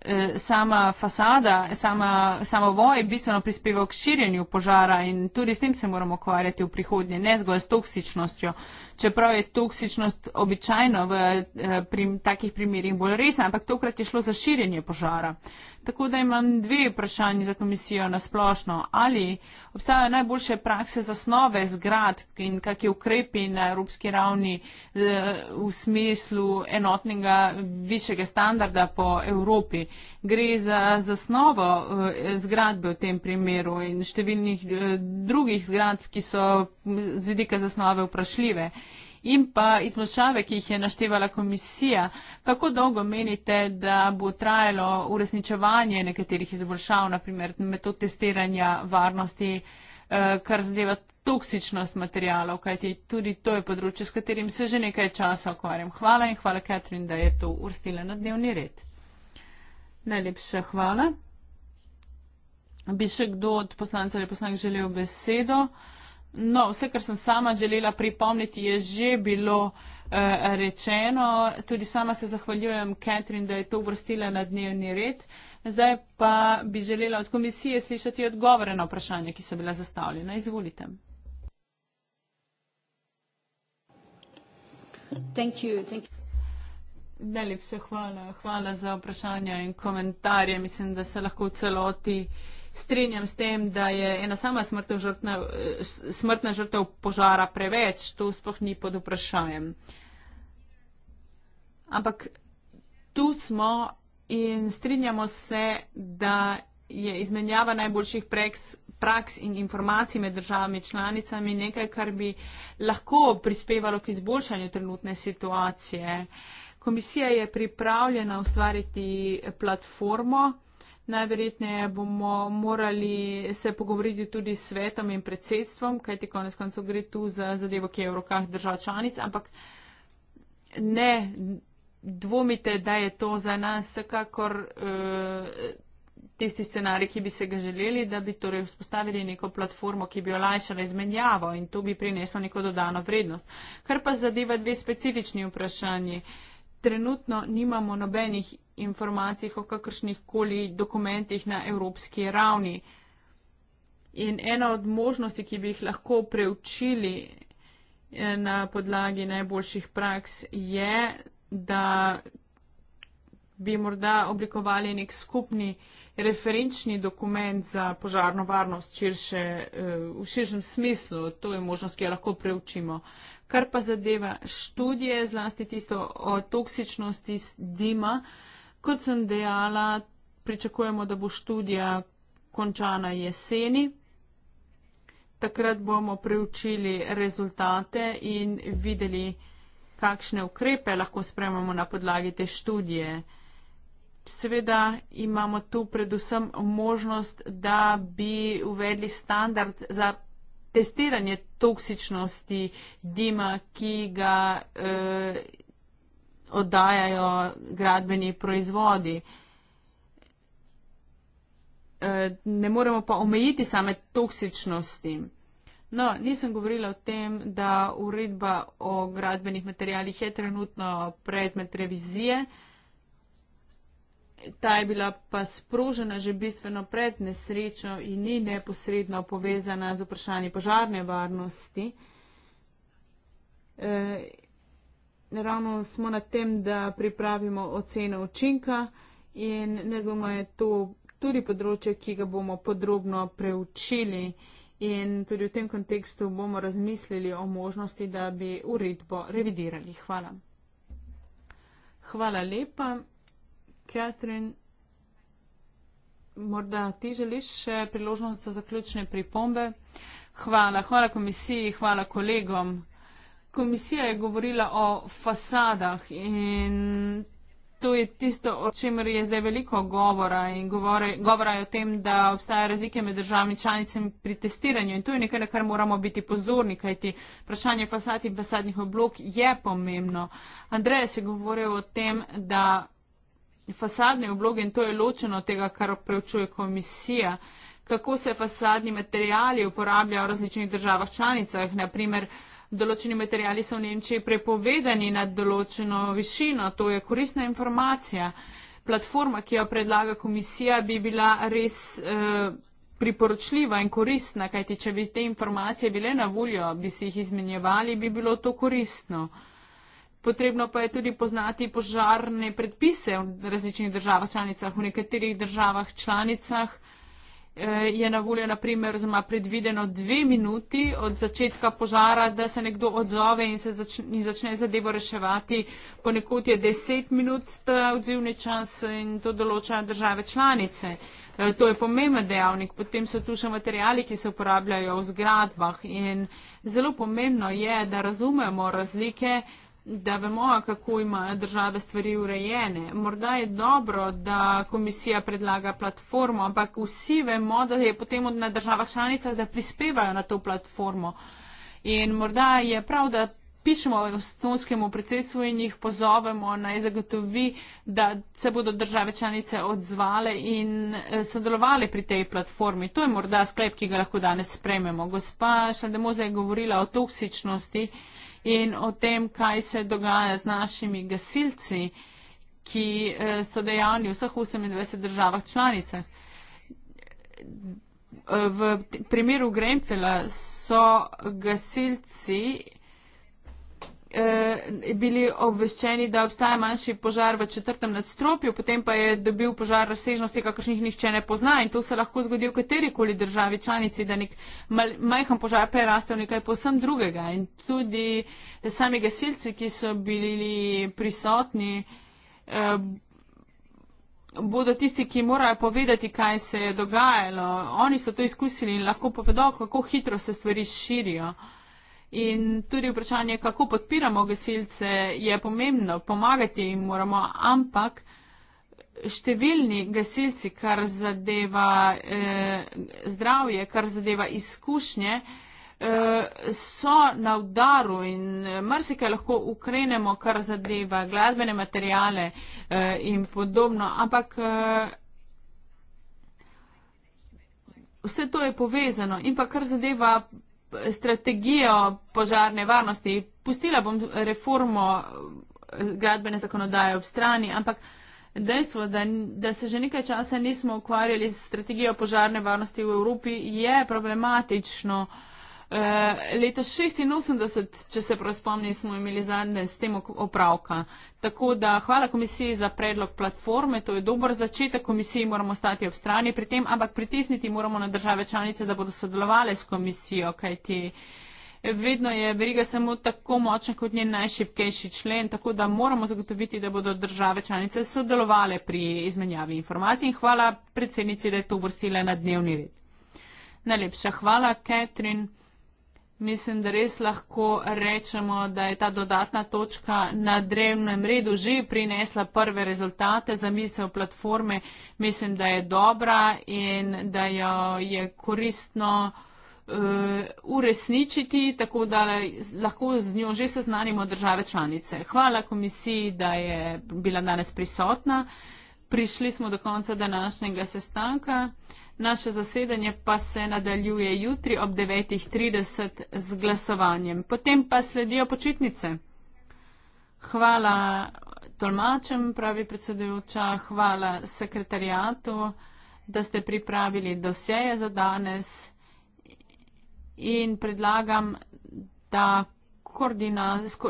eh, sama fasada, sama, samo voj bistveno prispeval k širjenju požara in tudi s tem se moramo ukvarjati v prihodnje, ne zgolj s toksičnostjo. Čeprav je toksičnost običajno v eh, pri, takih primerjih bolj resna, ampak tokrat je šlo za širjenje požara. Eh, Tako da imam dve vprašanji za komisijo na splošno. Ali obstajajo najboljše prakse za snove zgrad in kakšne ukrepi na evropski ravni eh, v smislu enotnega višjega standarda po Evropi? Gre za zasnovo eh, zgradbe v tem primeru in številnih eh, drugih zgradb, ki so z vidika zasnove vprašljive in pa izboljšave, ki jih je naštevala komisija. Kako dolgo menite, da bo trajalo uresničevanje nekaterih izboljšav, naprimer metod testiranja varnosti, eh, kar zadeva toksičnost materijalov, kajti tudi to je področje, s katerim se že nekaj časa okvarjam. Hvala in hvala, Katrin, da je to urstila na dnevni red. Najlepša hvala. Bi še kdo od poslancev ali poslank želel besedo? Uh, No, vse, kar sem sama želela pripomniti, je že bilo eh, rečeno. Tudi sama se zahvaljujem Katrin, da je to vrstila na dnevni red. Zdaj pa bi želela od komisije slišati odgovore na vprašanja, ki so bila zastavljena. Izvolite. Thank you, thank you. Najlepša hvala. Hvala za vprašanja in komentarje. Mislim, da se lahko v celoti. Uh, strinjam s tem, da je ena sama žrtna, eh, smrtna žrtev požara preveč, to sploh ni pod vprašanjem. Ampak tu smo in strinjamo se, da je izmenjava najboljših preks praks in informacij med državami članicami nekaj, kar bi lahko prispevalo k izboljšanju trenutne situacije. Komisija je pripravljena ustvariti platformo, Najverjetneje bomo morali se pogovoriti tudi s svetom in predsedstvom, kajti konec koncev gre tu za zadevo, ki je v rokah držav članic, ampak ne dvomite, da je to za nas vsekakor eh, tisti scenarij, ki bi se ga želeli, da bi torej vzpostavili neko platformo, ki bi olajšala izmenjavo in to bi prineslo neko dodano vrednost. Kar pa zadeva dve specifični vprašanji. Uh, trenutno nimamo nobenih informacij o kakršnih koli dokumentih na evropski ravni. In ena od možnosti, ki bi jih lahko preučili eh, na podlagi najboljših praks, je, da bi morda oblikovali nek skupni referenčni dokument za požarno varnost širše, eh, v širšem smislu. To je možnost, ki jo lahko preučimo. Kar pa zadeva študije, zlasti tisto o toksičnosti dima, kot sem dejala, pričakujemo, da bo študija končana jeseni. Takrat bomo preučili rezultate in videli, kakšne ukrepe lahko sprememo na podlagi te študije. Seveda imamo tu predvsem možnost, da bi uvedli standard za testiranje toksičnosti dima, ki ga eh, oddajajo gradbeni proizvodi. Eh, ne moremo pa omejiti same toksičnosti. No, nisem govorila o tem, da uredba o gradbenih materijalih je trenutno predmet revizije. Eh, ta je bila pa sprožena že bistveno pred nesrečo in ni neposredno povezana z vprašanjem požarne varnosti. E, ravno smo na tem, da pripravimo oceno učinka in nedvoma je to tudi področje, ki ga bomo podrobno preučili in tudi v tem kontekstu bomo razmislili o možnosti, da bi uredbo revidirali. Hvala. Hvala lepa. Katrin, morda ti želiš še priložnost za zaključne pripombe? Hvala, hvala komisiji, hvala kolegom. Komisija je govorila o fasadah in to je tisto, o čemer je zdaj veliko govora in govore, govora je o tem, da obstajajo razlike med državami članicami pri testiranju in to je nekaj, na kar moramo biti pozorni, kajti vprašanje fasad in fasadnih oblog je pomembno. Andrej se govoril o tem, da fasadne obloge in to je ločeno od tega, kar preučuje komisija, kako se fasadni materijali uporabljajo v različnih državah članicah. Naprimer, določeni materijali so v Nemčiji prepovedani nad določeno višino, to je koristna informacija. Platforma, ki jo predlaga komisija, bi bila res eh, priporočljiva in koristna, kajti če bi te informacije bile na voljo, bi si jih izmenjevali, bi bilo to koristno. Potrebno pa je tudi poznati požarne predpise v različnih državah članicah. V nekaterih državah članicah eh, je na voljo naprimer oziroma predvideno dve minuti od začetka požara, da se nekdo odzove in, se začne, in začne zadevo reševati. Ponekod je deset minut ta odzivni čas in to določa države članice. Eh, to je pomemben dejavnik. Potem so tu še materijali, ki se uporabljajo v zgradbah in zelo pomembno je, da razumemo razlike da vemo, kako imajo države stvari urejene. Morda je dobro, da komisija predlaga platformo, ampak vsi vemo, da je potem na državah članicah, da prispevajo na to platformo. In morda je prav, da pišemo estonskemu predsedstvu in jih pozovemo naj zagotovi, da se bodo države članice odzvale in eh, sodelovali pri tej platformi. To je morda sklep, ki ga lahko danes sprememo. Gospa Šademoza je govorila o toksičnosti in o tem, kaj se dogaja z našimi gasilci, ki eh, so dejavni v vseh 28 državah članicah. Eh, v primeru Grenfela so gasilci eh, bili obveščeni, da obstaja manjši požar v četrtem nadstropju, potem pa je dobil požar razsežnosti, kakršnih nihče ne pozna in to se lahko zgodi v katerikoli državi članici, da nek mal, majhen požar preraste v nekaj posem drugega. In tudi sami gasilci, ki so bili prisotni, eh, bodo tisti, ki morajo povedati, kaj se je dogajalo. Oni so to izkusili in lahko povedo, kako hitro se stvari širijo. Uh, In tudi vprašanje, kako podpiramo gasilce, je pomembno, pomagati jim moramo, ampak številni gasilci, kar zadeva eh, zdravje, kar zadeva izkušnje, eh, so na udaru in mrsike lahko ukrenemo, kar zadeva glasbene materijale eh, in podobno, ampak eh, vse to je povezano in pa kar zadeva strategijo požarne varnosti. Pustila bom reformo eh, gradbene zakonodaje ob strani, ampak dejstvo, da, da se že nekaj časa nismo ukvarjali s strategijo požarne varnosti v Evropi, je problematično. Uh, Eh, leta 86, če se prav spomnim, smo imeli zadnje s tem opravka. Tako da hvala komisiji za predlog platforme, to je dober začetek, komisiji moramo stati ob strani pri tem, ampak pritisniti moramo na države članice, da bodo sodelovali s komisijo, kajti vedno je veriga samo tako močna kot njen najšipkejši člen, tako da moramo zagotoviti, da bodo države članice sodelovali pri izmenjavi informacij in hvala predsednici, da je to vrstila na dnevni red. Najlepša hvala, Katrin mislim, da res lahko rečemo, da je ta dodatna točka na drevnem redu že prinesla prve rezultate za misel platforme. Mislim, da je dobra in da jo je koristno eh, uresničiti, tako da lahko z njo že seznanimo države članice. Hvala komisiji, da je bila danes prisotna. Prišli smo do konca današnjega sestanka. Naše zasedanje pa se nadaljuje jutri ob 9.30 z glasovanjem. Potem pa sledijo počitnice. Hvala tolmačem, pravi predsedujoča, hvala sekretarijatu, da ste pripravili doseje za danes in predlagam, da koordina,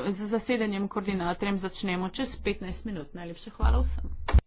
z zasedanjem koordinatorjem začnemo čez 15 minut. Najlepša hvala vsem.